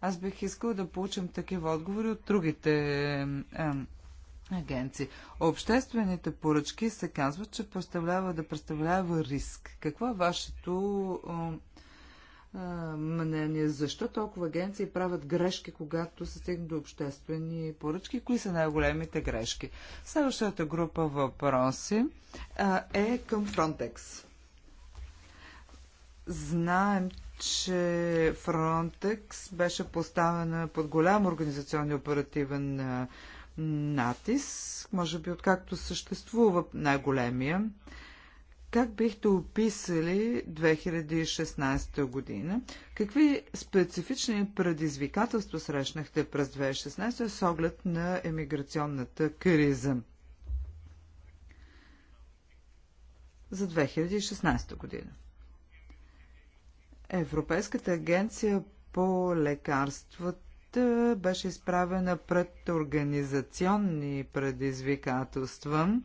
Аз бих искал да получим такива отговори от другите агенции. Обществените поръчки се казват, че представлява да представлява риск. Какво е вашето е, мнение? Защо толкова агенции правят грешки, когато се стигне до обществени поръчки? Кои са най-големите грешки? Следващата група въпроси е към Frontex. Знаем, че Фронтекс беше поставена под голям организационен оперативен натиск, може би откакто съществува най-големия. Как бихте описали 2016 година? Какви специфични предизвикателства срещнахте през 2016 с оглед на емиграционната криза? За 2016 година. Европейската агенция по лекарствата беше изправена пред организационни предизвикателства,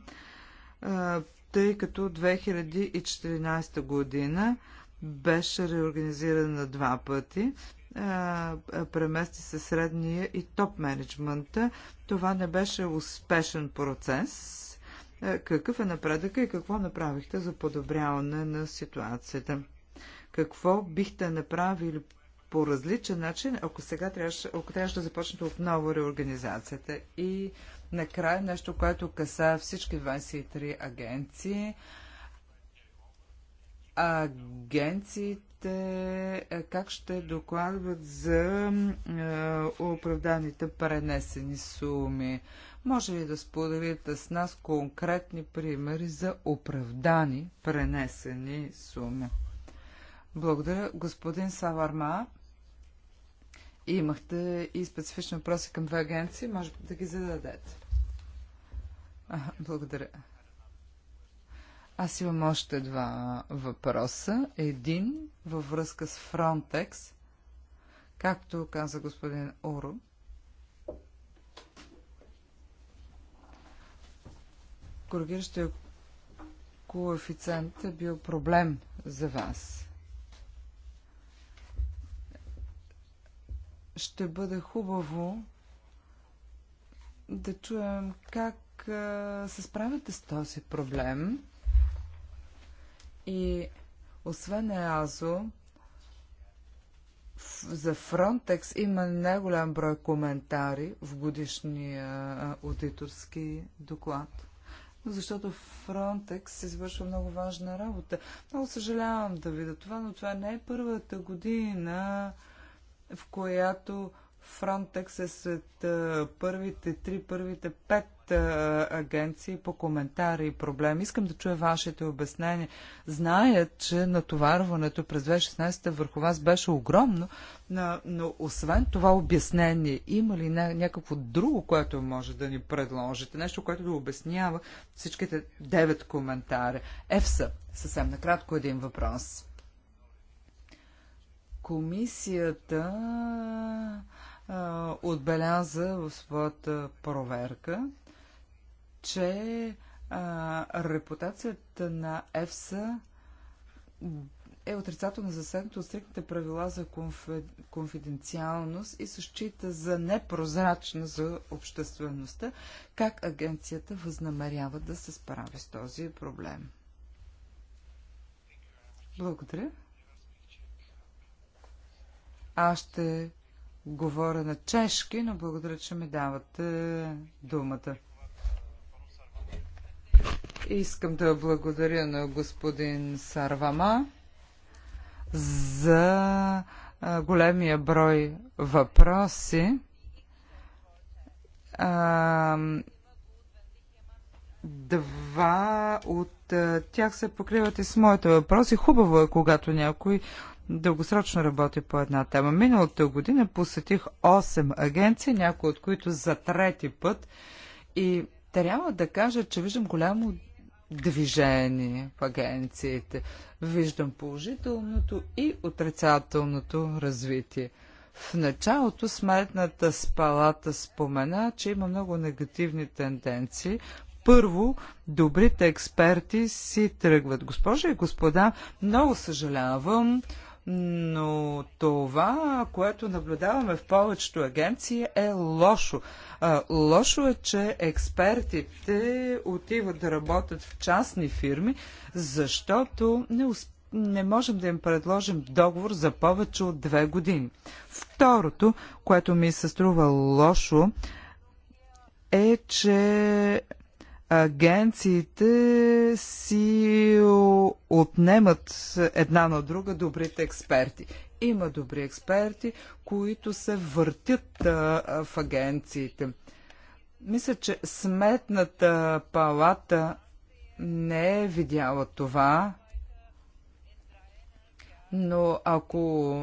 тъй като 2014 година беше реорганизирана на два пъти. Премести се средния и топ менеджмента. Това не беше успешен процес. Какъв е напредъка и какво направихте за подобряване на ситуацията? Какво бихте направили по различен начин, ако сега трябваше, ако трябваше да започнете отново реорганизацията? И накрая нещо, което каса всички 23 агенции. Агенциите е, как ще докладват за е, оправданите пренесени суми? Може ли да споделите с нас конкретни примери за оправдани пренесени суми? Благодаря, господин Саварма. имахте и специфични въпроси към две агенции, може да ги зададете. А, благодаря. Аз имам още два въпроса. Един във връзка с Frontex, както каза господин Оро. Коригиращия коефициент е бил проблем за вас. ще бъде хубаво да чуем как се справяте с този проблем. И освен ЕАЗО, за Фронтекс има най-голям брой коментари в годишния аудиторски доклад. Защото Фронтекс извършва много важна работа. Много съжалявам да видя това, но това не е първата година, в която Фронтекс е сред първите три, първите пет а, агенции по коментари и проблеми. Искам да чуя вашите обяснения. Зная, че натоварването през 2016 върху вас беше огромно, но, но освен това обяснение, има ли ня някакво друго, което може да ни предложите? Нещо, което да обяснява всичките девет коментари. ЕФСА, съвсем накратко един въпрос. Комисията а, отбеляза в своята проверка, че а, репутацията на ЕФСА е отрицателно засегната от стрикните правила за конфиденциалност и се счита за непрозрачна за обществеността. Как агенцията възнамерява да се справи с този проблем? Благодаря. Аз ще говоря на чешки, но благодаря, че ми давате думата. Искам да благодаря на господин Сарвама за големия брой въпроси. Два от тях се покриват и с моите въпроси. Хубаво е, когато някой дългосрочно работя по една тема. Миналата година посетих 8 агенции, някои от които за трети път и трябва да кажа, че виждам голямо движение в агенциите. Виждам положителното и отрицателното развитие. В началото сметната спалата спомена, че има много негативни тенденции. Първо, добрите експерти си тръгват. Госпожа и господа, много съжалявам, но това, което наблюдаваме в повечето агенции е лошо. А, лошо е, че експертите отиват да работят в частни фирми, защото не, усп... не можем да им предложим договор за повече от две години. Второто, което ми се струва лошо, е, че агенциите си отнемат една на друга добрите експерти. Има добри експерти, които се въртят а, в агенциите. Мисля, че сметната палата не е видяла това, но ако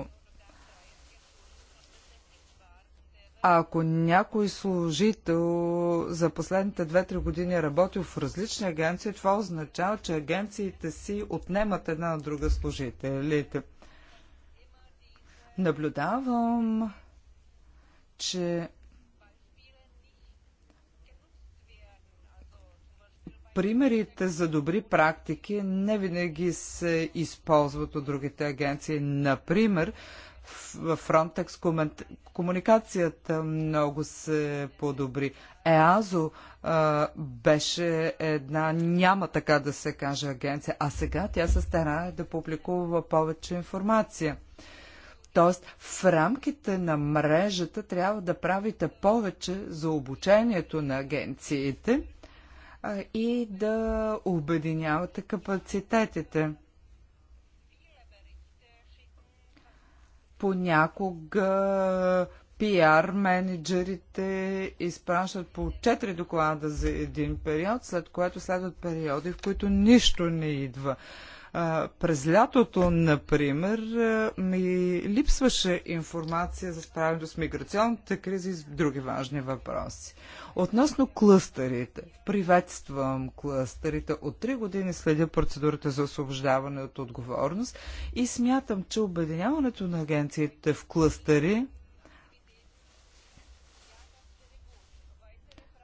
А ако някой служител за последните 2-3 години е работил в различни агенции, това означава, че агенциите си отнемат една на друга служителите. Наблюдавам, че примерите за добри практики не винаги се използват от другите агенции. Например, Frontex Комуникацията много се подобри. ЕАЗО а, беше една, няма така да се каже агенция, а сега тя се старае да публикува повече информация. Тоест, в рамките на мрежата трябва да правите повече за обучението на агенциите а, и да обединявате капацитетите. Понякога пиар менеджерите изпращат по 4 доклада за един период, след което следват периоди, в които нищо не идва през лятото, например, ми липсваше информация за справянето с миграционната криза и с други важни въпроси. Относно клъстерите, приветствам клъстерите. От три години следя процедурата за освобождаване от отговорност и смятам, че обединяването на агенциите в клъстери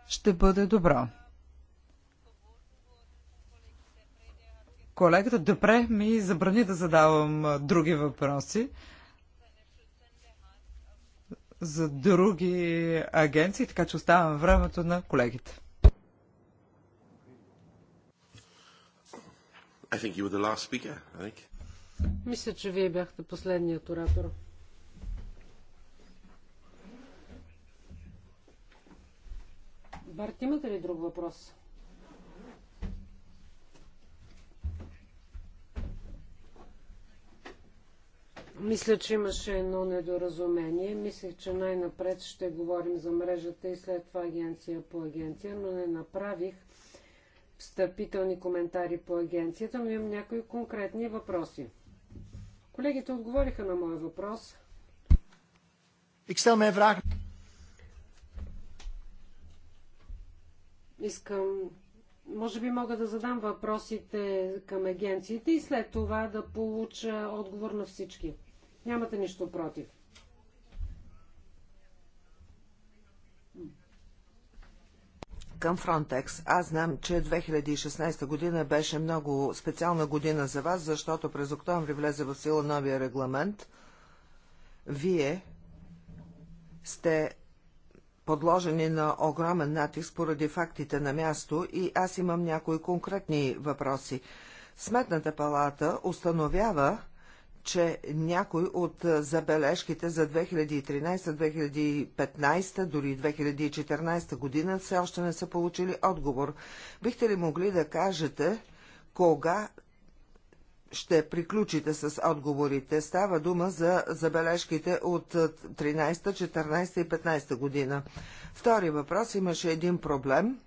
ще бъде добро. колегата Депре ми забрани да задавам други въпроси за други агенции, така че оставям времето на колегите. I think you were the last speaker, I think. Мисля, че вие бяхте последният оратор. Барт, имате ли друг въпрос? Мисля, че имаше едно недоразумение. Мисля, че най-напред ще говорим за мрежата и след това агенция по агенция, но не направих встъпителни коментари по агенцията, но имам някои конкретни въпроси. Колегите отговориха на моя въпрос. Искам може би мога да задам въпросите към агенциите и след това да получа отговор на всички. Нямате нищо против. към Фронтекс. Аз знам, че 2016 година беше много специална година за вас, защото през октомври влезе в сила новия регламент. Вие сте подложени на огромен натиск поради фактите на място и аз имам някои конкретни въпроси. Сметната палата установява, че някой от забележките за 2013, 2015, дори 2014 година все още не са получили отговор. Бихте ли могли да кажете кога ще приключите с отговорите? Става дума за забележките от 13, 14 и 15 година. Втори въпрос. Имаше един проблем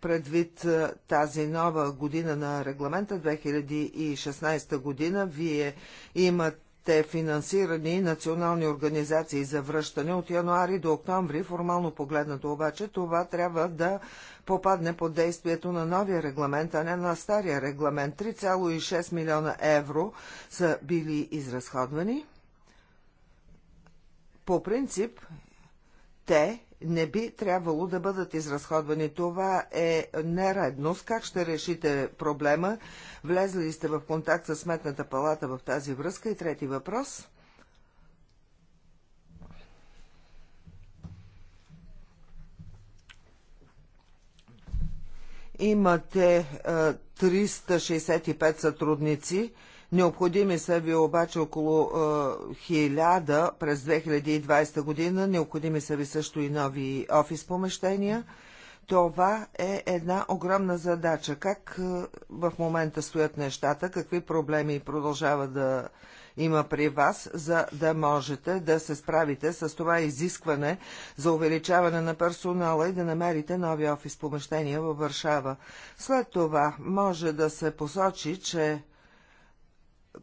предвид тази нова година на регламента 2016 година, вие имате те финансирани национални организации за връщане от януари до октомври, формално погледнато обаче, това трябва да попадне под действието на новия регламент, а не на стария регламент. 3,6 милиона евро са били изразходвани. По принцип, те не би трябвало да бъдат изразходвани. Това е нередност. Как ще решите проблема? Влезли ли сте в контакт с Сметната палата в тази връзка? И трети въпрос. Имате 365 сътрудници Необходими са ви обаче около е, Хиляда през 2020 година. Необходими са ви също и нови офис помещения. Това е една огромна задача. Как е, в момента стоят нещата, какви проблеми продължава да има при вас, за да можете да се справите с това изискване за увеличаване на персонала и да намерите нови офис помещения във Варшава. След това може да се посочи, че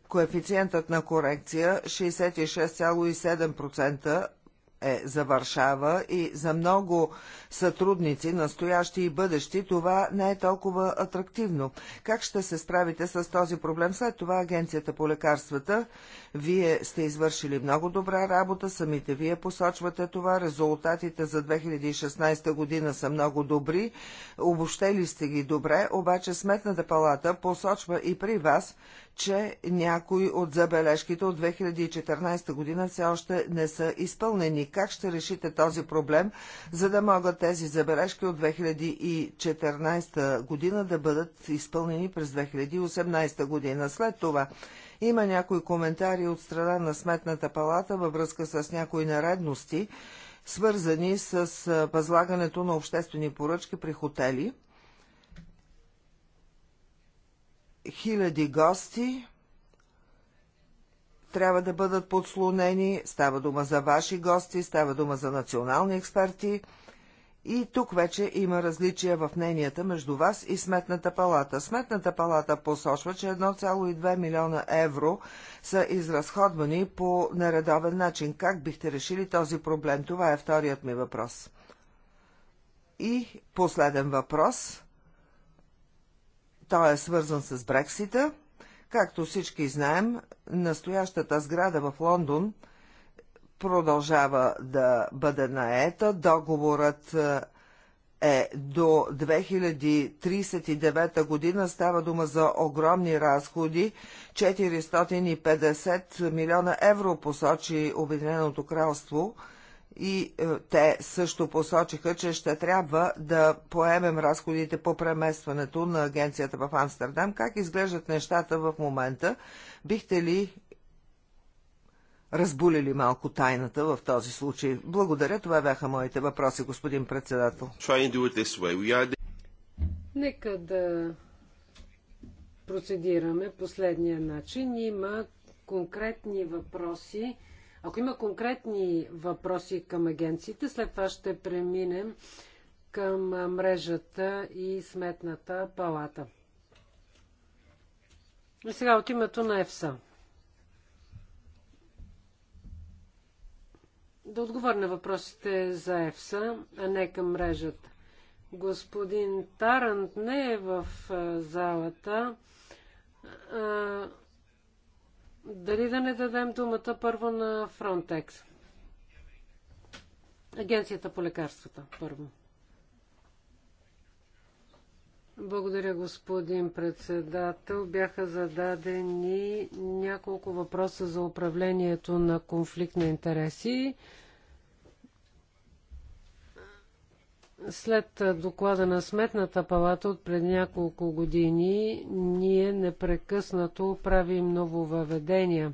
коефициентът на корекция 66,7% е завършава и за много сътрудници, настоящи и бъдещи, това не е толкова атрактивно. Как ще се справите с този проблем? След това Агенцията по лекарствата. Вие сте извършили много добра работа, самите вие посочвате това. Резултатите за 2016 година са много добри. Обобщели сте ги добре, обаче Сметната палата посочва и при вас, че някои от забележките от 2014 година все още не са изпълнени. Как ще решите този проблем, за да могат тези забележки от 2014 година да бъдат изпълнени през 2018 година? След това има някои коментари от страна на Сметната палата във връзка с някои наредности, свързани с възлагането на обществени поръчки при хотели – хиляди гости трябва да бъдат подслонени. Става дума за ваши гости, става дума за национални експерти. И тук вече има различия в мненията между вас и Сметната палата. Сметната палата посочва, че 1,2 милиона евро са изразходвани по нередовен начин. Как бихте решили този проблем? Това е вторият ми въпрос. И последен въпрос. Той е свързан с Брексита. Както всички знаем, настоящата сграда в Лондон продължава да бъде наета. Договорът е, е до 2039 година. Става дума за огромни разходи. 450 милиона евро посочи Обединеното кралство – и е, те също посочиха, че ще трябва да поемем разходите по преместването на агенцията в Амстердам. Как изглеждат нещата в момента? Бихте ли разбулили малко тайната в този случай? Благодаря, това бяха моите въпроси, господин председател. Нека да процедираме последния начин. Има конкретни въпроси ако има конкретни въпроси към агенциите, след това ще преминем към мрежата и сметната палата. И сега от името на ЕФСА. Да отговоря на въпросите за ЕФСА, а не към мрежата. Господин Тарант не е в залата. Дали да не дадем думата първо на Frontex? Агенцията по лекарствата първо. Благодаря, господин председател. Бяха зададени няколко въпроса за управлението на конфликт на интереси. След доклада на Сметната палата от пред няколко години, ние непрекъснато правим нововъведения.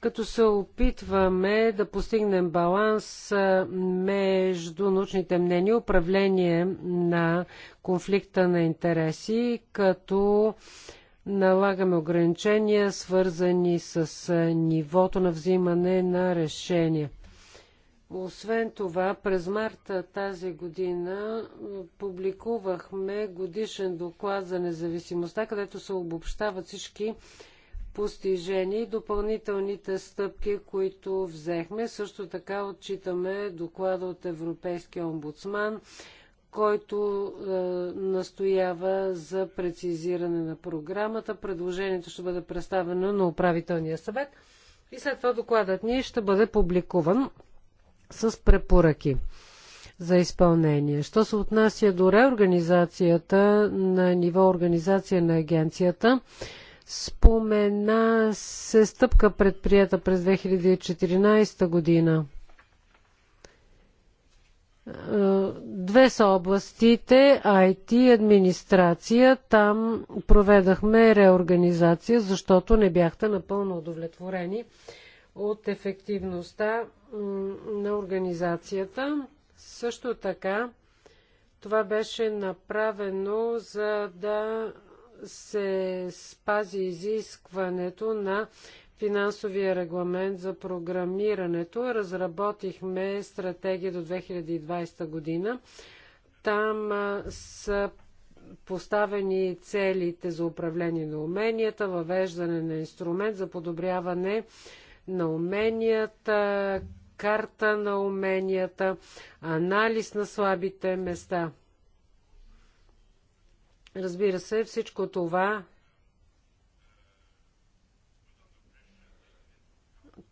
като се опитваме да постигнем баланс между научните мнения, управление на конфликта на интереси, като налагаме ограничения, свързани с нивото на взимане на решения. Освен това, през марта тази година е, публикувахме годишен доклад за независимостта, където се обобщават всички постижения и допълнителните стъпки, които взехме. Също така отчитаме доклада от Европейския омбудсман, който е, настоява за прецизиране на програмата. Предложението ще бъде представено на управителния съвет и след това докладът ни ще бъде публикуван с препоръки за изпълнение. Що се отнася до реорганизацията на ниво организация на агенцията, спомена се стъпка предприята през 2014 година. Е, две са областите, IT, администрация. Там проведахме реорганизация, защото не бяхте напълно удовлетворени от ефективността на организацията. Също така, това беше направено за да се спази изискването на финансовия регламент за програмирането. Разработихме стратегия до 2020 година. Там са поставени целите за управление на уменията, въвеждане на инструмент за подобряване на уменията, карта на уменията, анализ на слабите места. Разбира се, всичко това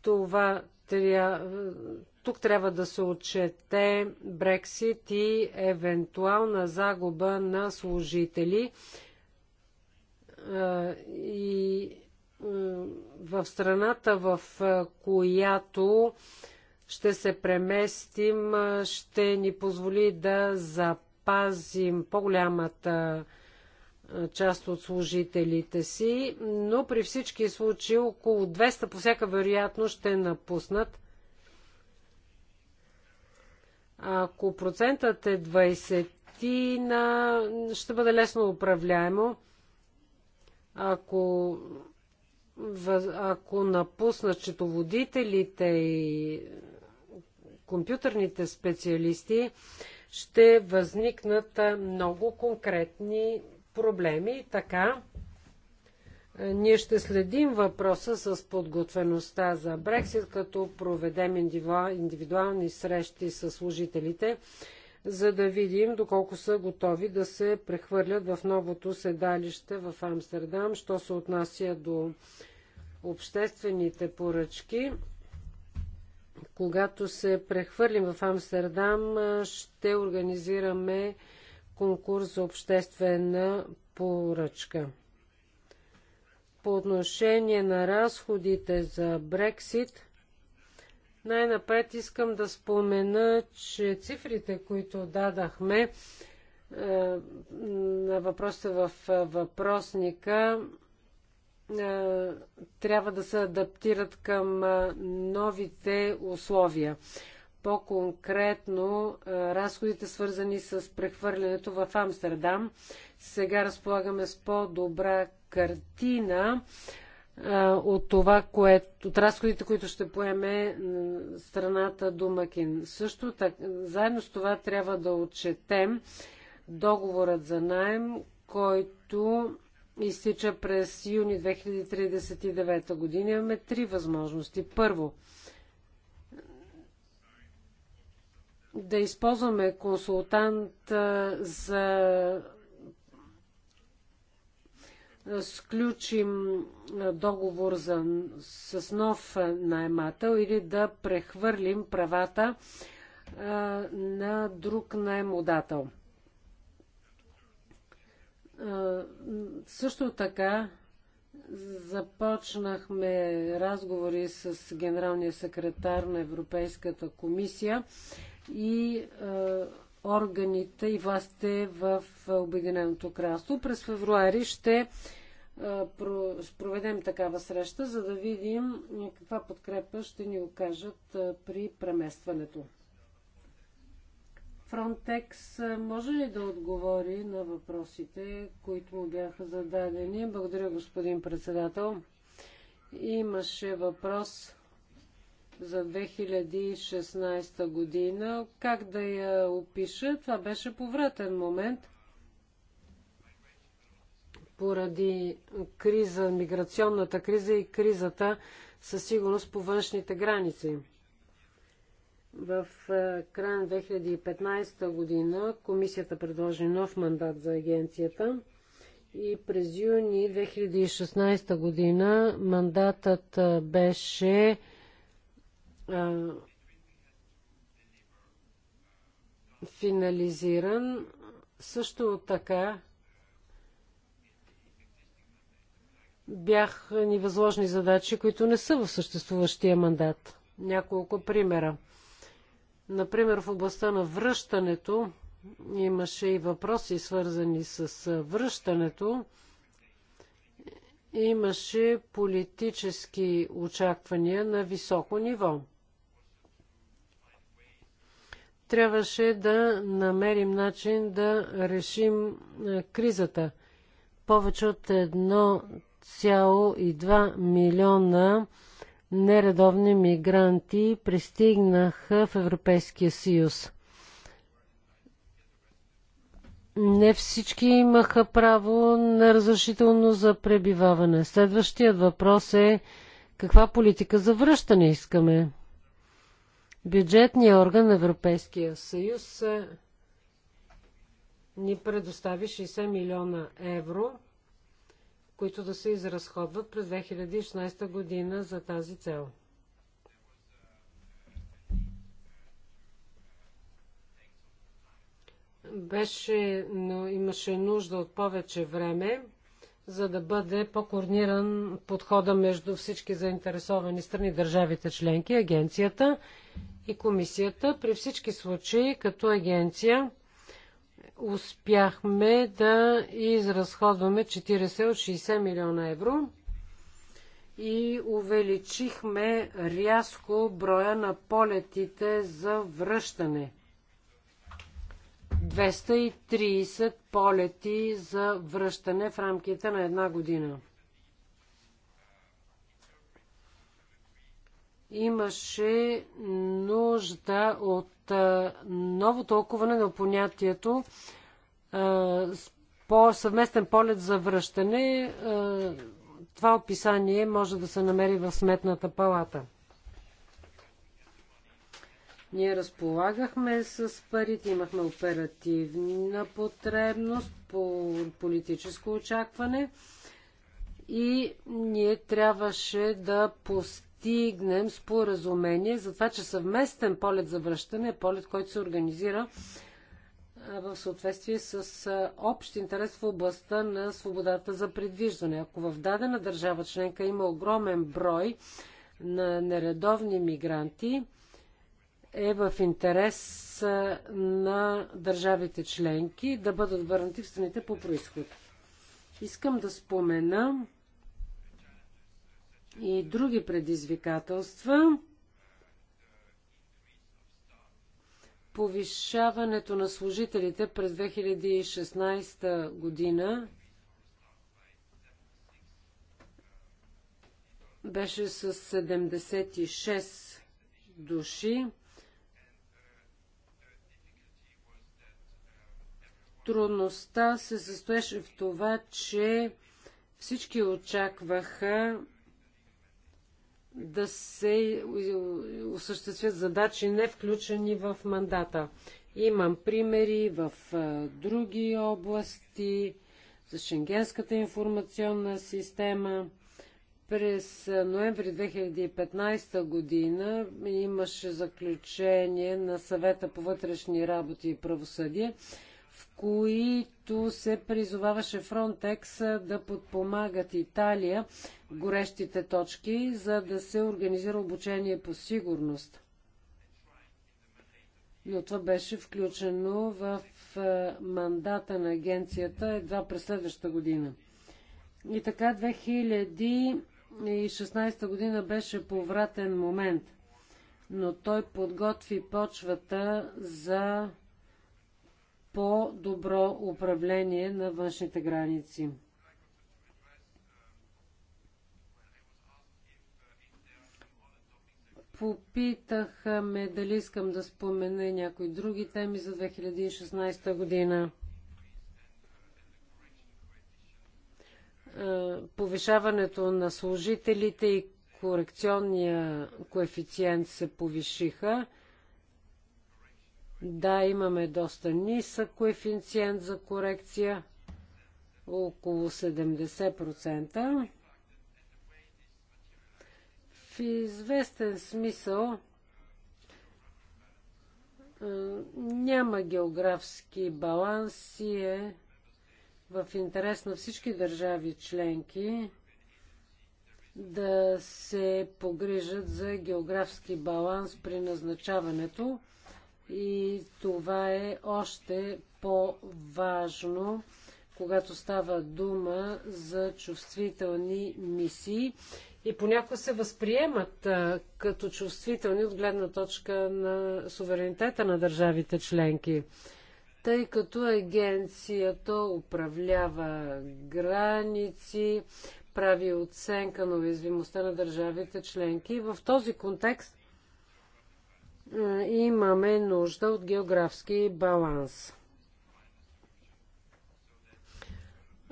това трябва, тук трябва да се отчете Брексит и евентуална загуба на служители и в страната, в която ще се преместим, ще ни позволи да запазим по-голямата част от служителите си, но при всички случаи около 200 по всяка вероятност ще напуснат. Ако процентът е 20, ще бъде лесно управляемо. Ако ако напуснат счетоводителите и компютърните специалисти, ще възникнат много конкретни проблеми. Така, ние ще следим въпроса с подготвеността за Брексит, като проведем индивидуални срещи с служителите за да видим доколко са готови да се прехвърлят в новото седалище в Амстердам, що се отнася до обществените поръчки. Когато се прехвърлим в Амстердам, ще организираме конкурс за обществена поръчка. По отношение на разходите за Брексит – най-напред искам да спомена, че цифрите, които дадахме е, на въпросите в е, въпросника, е, трябва да се адаптират към е, новите условия. По-конкретно, е, разходите свързани с прехвърлянето в Амстердам. Сега разполагаме с по-добра картина от това, което, от разходите, които ще поеме страната Думакин. Също так, заедно с това трябва да отчетем договорът за найем, който изтича през юни 2039 година. Имаме три възможности. Първо, да използваме консултант за е, сключим е, договор за, с нов е, наемател или да прехвърлим правата а, на друг наемодател. А, също така започнахме разговори с генералния секретар на Европейската комисия и а, органите и властите в Обединеното кралство. През февруари ще проведем такава среща, за да видим каква подкрепа ще ни окажат при преместването. Фронтекс може ли да отговори на въпросите, които му бяха зададени? Благодаря, господин председател. Имаше въпрос за 2016 година. Как да я опиша? Това беше повратен момент поради криза, миграционната криза и кризата със сигурност по външните граници. В е, края на 2015 година комисията предложи нов мандат за агенцията и през юни 2016 година мандатът е, беше финализиран. Също така бях ни задачи, които не са в съществуващия мандат. Няколко примера. Например, в областта на връщането имаше и въпроси, свързани с връщането. Имаше политически очаквания на високо ниво трябваше да намерим начин да решим е, кризата. Повече от 1,2 милиона нередовни мигранти пристигнаха в Европейския съюз. Не всички имаха право на разрешително за пребиваване. Следващият въпрос е каква политика за връщане искаме? бюджетния орган на Европейския съюз е, ни предостави 60 милиона евро, които да се изразходват през 2016 година за тази цел. Беше, но имаше нужда от повече време, за да бъде по корниран подхода между всички заинтересовани страни, държавите членки, агенцията и комисията. При всички случаи, като агенция, успяхме да изразходваме 40 от 60 милиона евро и увеличихме рязко броя на полетите за връщане. 230 полети за връщане в рамките на една година. имаше нужда от ново толковане на понятието по съвместен полет за връщане. Това описание може да се намери в Сметната палата. Ние разполагахме с парите, имахме оперативна потребност по политическо очакване и ние трябваше да постигнем постигнем споразумение за това, че съвместен полет за връщане е полет, който се организира в съответствие с общ интерес в областта на свободата за предвиждане. Ако в дадена държава членка има огромен брой на нередовни мигранти, е в интерес на държавите членки да бъдат върнати в страните по происход. Искам да споменам и други предизвикателства. Повишаването на служителите през 2016 година беше с 76 души. Трудността се състоеше в това, че всички очакваха да се осъществят задачи, не включени в мандата. Имам примери в други области, за Шенгенската информационна система. През ноември 2015 година имаше заключение на съвета по вътрешни работи и правосъдие, които се призоваваше Frontex да подпомагат Италия в горещите точки, за да се организира обучение по сигурност. Но това беше включено в е, мандата на агенцията едва през следващата година. И така 2016 година беше повратен момент, но той подготви почвата за по-добро управление на външните граници. Попитаха ме дали искам да спомена някои други теми за 2016 година. Повишаването на служителите и корекционния коефициент се повишиха. Да, имаме доста нисък коефициент за корекция, около 70%. В известен смисъл няма географски баланс и е в интерес на всички държави членки да се погрижат за географски баланс при назначаването и това е още по-важно, когато става дума за чувствителни мисии. И понякога се възприемат а, като чувствителни от гледна точка на суверенитета на държавите членки. Тъй като агенцията управлява граници, прави оценка на уязвимостта на държавите членки. В този контекст имаме нужда от географски баланс.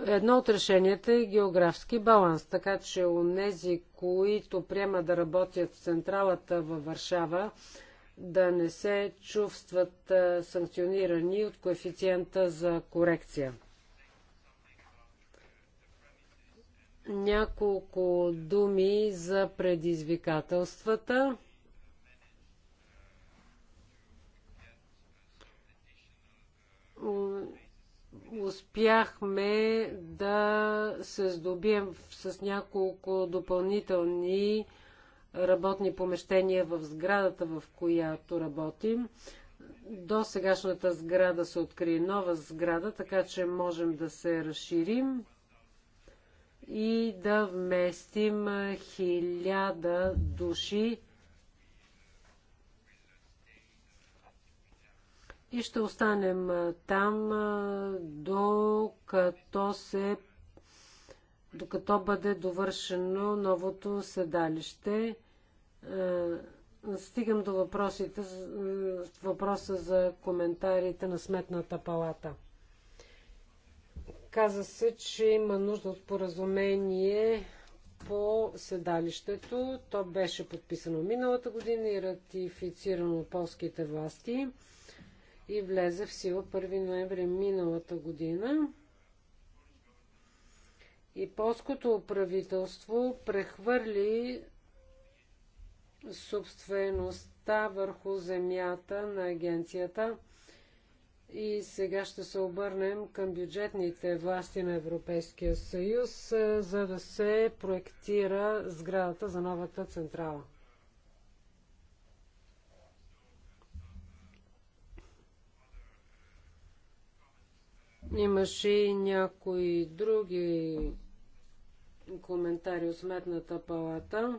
Едно от решенията е географски баланс, така че нези, които приема да работят в централата във Варшава, да не се чувстват санкционирани от коефициента за корекция. Няколко думи за предизвикателствата. успяхме да се здобием с няколко допълнителни работни помещения в сградата, в която работим. До сегашната сграда се откри нова сграда, така че можем да се разширим и да вместим хиляда души и ще останем там, докато се докато бъде довършено новото седалище. Стигам до въпросите, въпроса за коментарите на Сметната палата. Каза се, че има нужда от поразумение по седалището. То беше подписано миналата година и ратифицирано от полските власти и влезе в сила 1 ноември миналата година. И полското правителство прехвърли собствеността върху земята на агенцията. И сега ще се обърнем към бюджетните власти на Европейския съюз, за да се проектира сградата за новата централа. Имаше и някои други коментари от Сметната палата.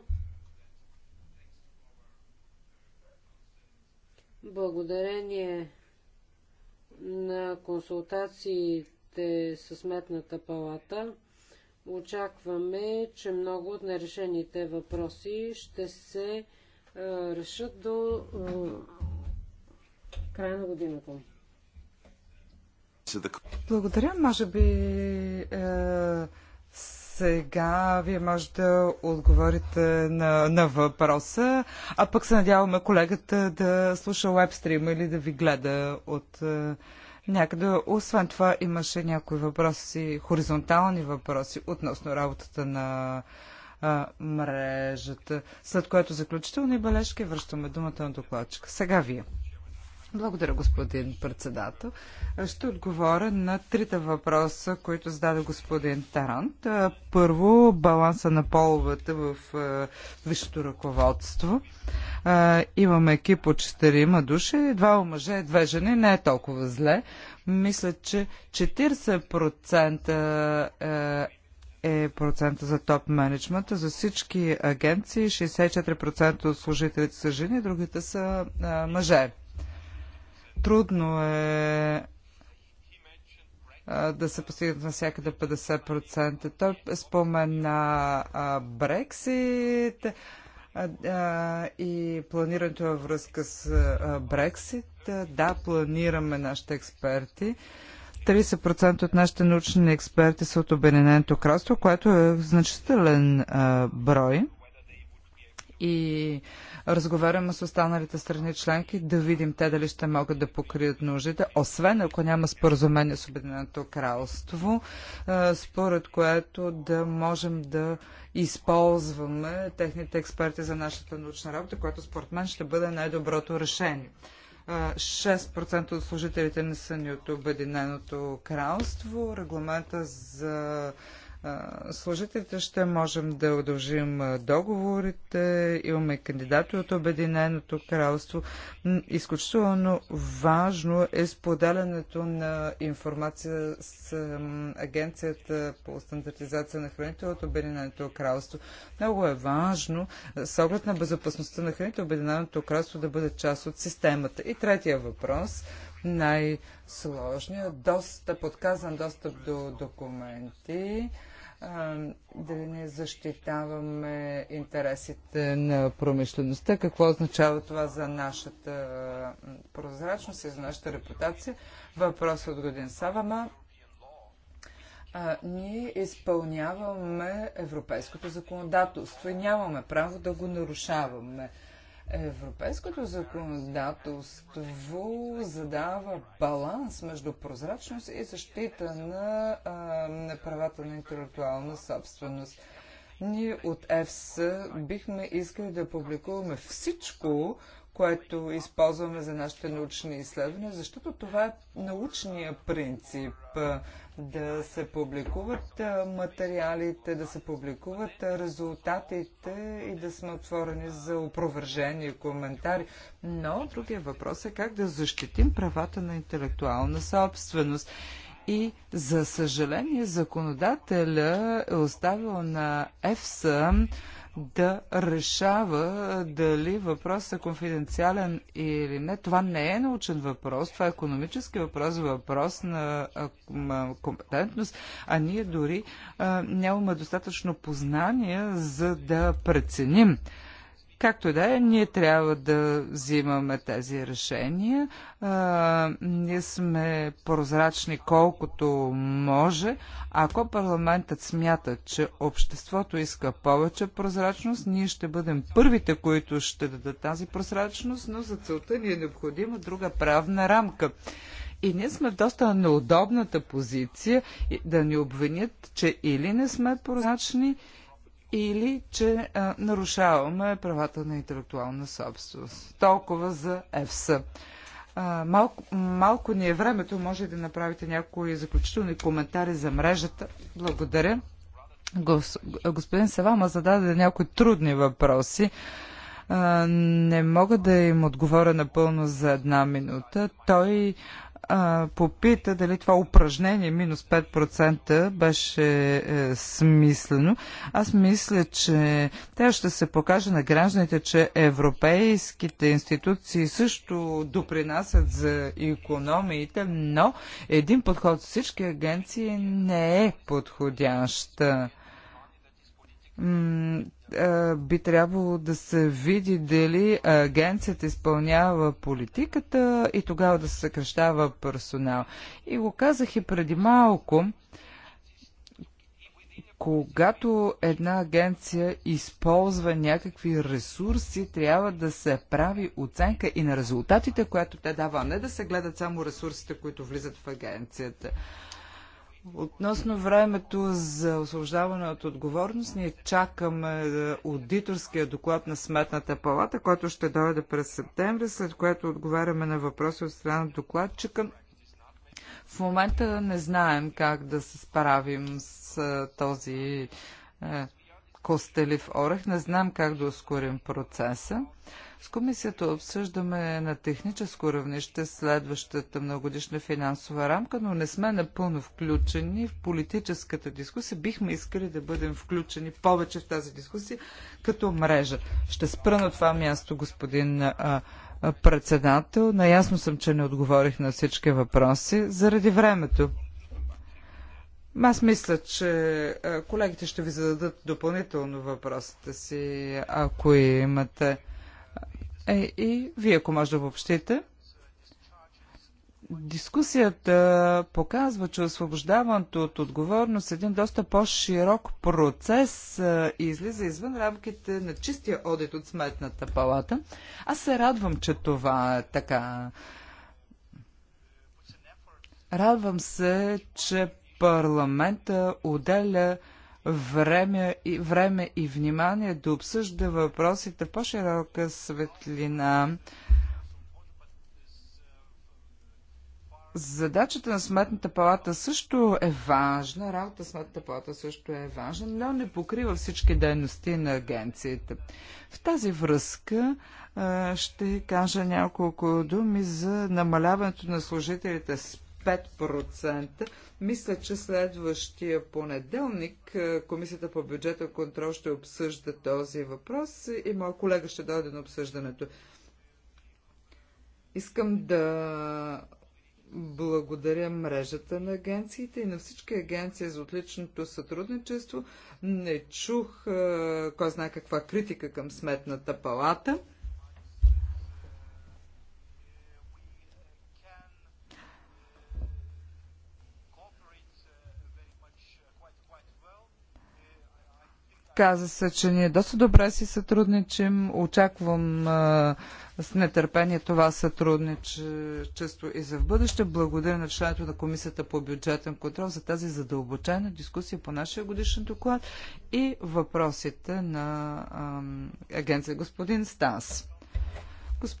Благодарение на консултациите с Сметната палата, очакваме, че много от нерешените въпроси ще се а, решат до а, края на годината the... Благодаря. Може би е, сега вие може да отговорите на, на въпроса, а пък се надяваме колегата да слуша вебстрима или да ви гледа от е, някъде. Освен това имаше някои въпроси, хоризонтални въпроси относно работата на е, мрежата, след което заключителни бележки връщаме думата на докладчика. Сега вие. Благодаря, господин председател. Ще отговоря на трите въпроса, които зададе господин Тарант. Първо, баланса на половете в висшето ръководство. Имаме екип от четирима души, два мъже, две жени, не е толкова зле. Мисля, че 40% е процента за топ менеджмента. За всички агенции 64% от служителите са жени, другите са а, мъже. Трудно е да се постигнат навсякъде 50%. Той спомена Брексит и планирането във връзка с Брексит. Да, планираме нашите експерти. 30% от нашите научни експерти са от Обединеното кралство, което е значителен брой и разговаряме с останалите страни членки да видим те дали ще могат да покрият нуждите, освен ако няма споразумение с Обединеното кралство, според което да можем да използваме техните експерти за нашата научна работа, което според мен ще бъде най-доброто решение. 6% от служителите не са ни от Обединеното кралство. Регламента за служителите ще можем да удължим договорите. Имаме кандидати от Обединеното кралство. Изключително важно е споделянето на информация с Агенцията по стандартизация на храните от Обединеното кралство. Много е важно с оглед на безопасността на храните Обединеното кралство да бъде част от системата. И третия въпрос най-сложния, доста подказан достъп до документи да не защитаваме интересите на промишлеността. Какво означава това за нашата прозрачност и за нашата репутация? Въпрос от годин Савама. А, ние изпълняваме европейското законодателство и нямаме право да го нарушаваме. Европейското законодателство задава баланс между прозрачност и защита на, а, на правата на интелектуална собственост. Ние от ЕФС бихме искали да публикуваме всичко, което използваме за нашите научни изследвания, защото това е научния принцип да се публикуват материалите, да се публикуват резултатите и да сме отворени за опровържение и коментари. Но другия въпрос е как да защитим правата на интелектуална собственост. И, за съжаление, законодателя е оставил на ЕФСА да решава дали въпрос е конфиденциален или не. Това не е научен въпрос, това е економически въпрос, въпрос на компетентност, а ние дори нямаме достатъчно познания, за да преценим Както и да е, ние трябва да взимаме тези решения. А, ние сме прозрачни колкото може. Ако парламентът смята, че обществото иска повече прозрачност, ние ще бъдем първите, които ще дадат тази прозрачност, но за целта ни е необходима друга правна рамка. И ние сме в доста неудобната позиция да ни обвинят, че или не сме прозрачни, или че а, нарушаваме правата на интелектуална собственост. Толкова за ЕФС. А, малко, малко ни е времето, може да направите някои заключителни коментари за мрежата. Благодаря. Гос, господин Савама зададе някои трудни въпроси. А, не мога да им отговоря напълно за една минута. Той а, попита дали това упражнение минус 5% беше е, смислено. Аз мисля, че тя ще се покаже на гражданите, че европейските институции също допринасят за економиите, но един подход с всички агенции не е подходящ е, би трябвало да се види дали агенцията изпълнява политиката и тогава да се съкрещава персонал. И го казах и преди малко, когато една агенция използва някакви ресурси, трябва да се прави оценка и на резултатите, които те дава, а не да се гледат само ресурсите, които влизат в агенцията. Относно времето за освобождаване от отговорност, ние чакаме е, аудиторския доклад на Сметната палата, който ще дойде през септември, след което отговаряме на въпроси от страна на докладчика. В момента не знаем как да се справим с е, този е, костелив орех, не знаем как да ускорим процеса. С комисията обсъждаме на техническо равнище следващата многодишна финансова рамка, но не сме напълно включени в политическата дискусия. Бихме искали да бъдем включени повече в тази дискусия като мрежа. Ще спра на това място, господин а, а, председател. Наясно съм, че не отговорих на всички въпроси заради времето. Аз мисля, че колегите ще ви зададат допълнително въпросите си, ако имате. Е, и вие, ако може да въобщите. Дискусията показва, че освобождаването от отговорност е един доста по-широк процес е, и излиза извън рамките на чистия одит от Сметната палата. Аз се радвам, че това е така. Радвам се, че парламента отделя време и, време и внимание да обсъжда въпросите в по-широка светлина. Задачата на Сметната палата също е важна, работа на Сметната палата също е важна, но не покрива всички дейности на агенцията. В тази връзка ще кажа няколко думи за намаляването на служителите с 5%. Мисля, че следващия понеделник е, Комисията по бюджета контрол ще обсъжда този въпрос и моят колега ще дойде на обсъждането. Искам да благодаря мрежата на агенциите и на всички агенции за отличното сътрудничество. Не чух е, кой знае каква критика към сметната палата. Каза се, че ние доста добре си сътрудничим. Очаквам а, с нетърпение това сътрудничество и за в бъдеще. Благодаря на членовете на Комисията по бюджетен контрол за тази задълбочена дискусия по нашия годишен доклад и въпросите на а, агенция. Господин Стас. Госп...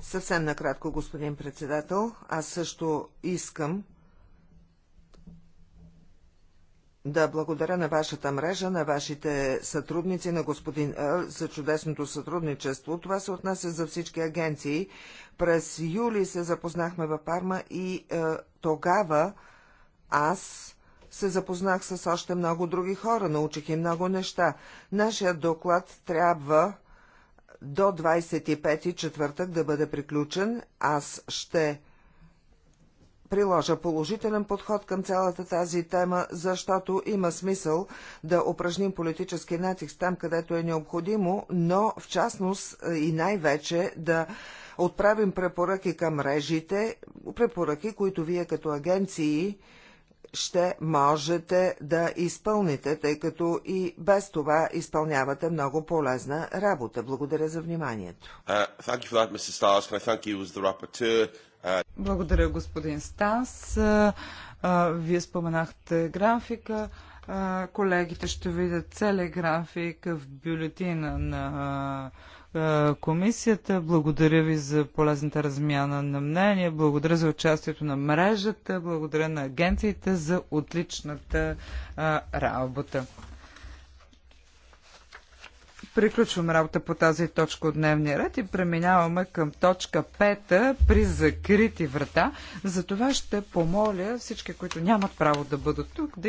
Съвсем накратко, господин председател. Аз също искам да благодаря на вашата мрежа, на вашите сътрудници, на господин Ел за чудесното сътрудничество. Това се отнася за всички агенции. През юли се запознахме в Парма и е, тогава аз се запознах с още много други хора, научих и много неща. Нашия доклад трябва до 25 четвъртък да бъде приключен. Аз ще приложа положителен подход към цялата тази тема, защото има смисъл да упражним политически натиск там, където е необходимо, но в частност е, и най-вече да отправим препоръки към мрежите, препоръки, които вие като агенции ще можете да изпълните, тъй като и без това изпълнявате много полезна работа. Благодаря за вниманието. Uh, благодаря, господин Станс. Вие споменахте графика. Колегите ще видят целият график в бюлетина на комисията. Благодаря ви за полезната размяна на мнение. Благодаря за участието на мрежата. Благодаря на агенциите за отличната работа. Приключвам работа по тази точка от дневния ред и преминаваме към точка 5 при закрити врата. За това ще помоля всички, които нямат право да бъдат тук, да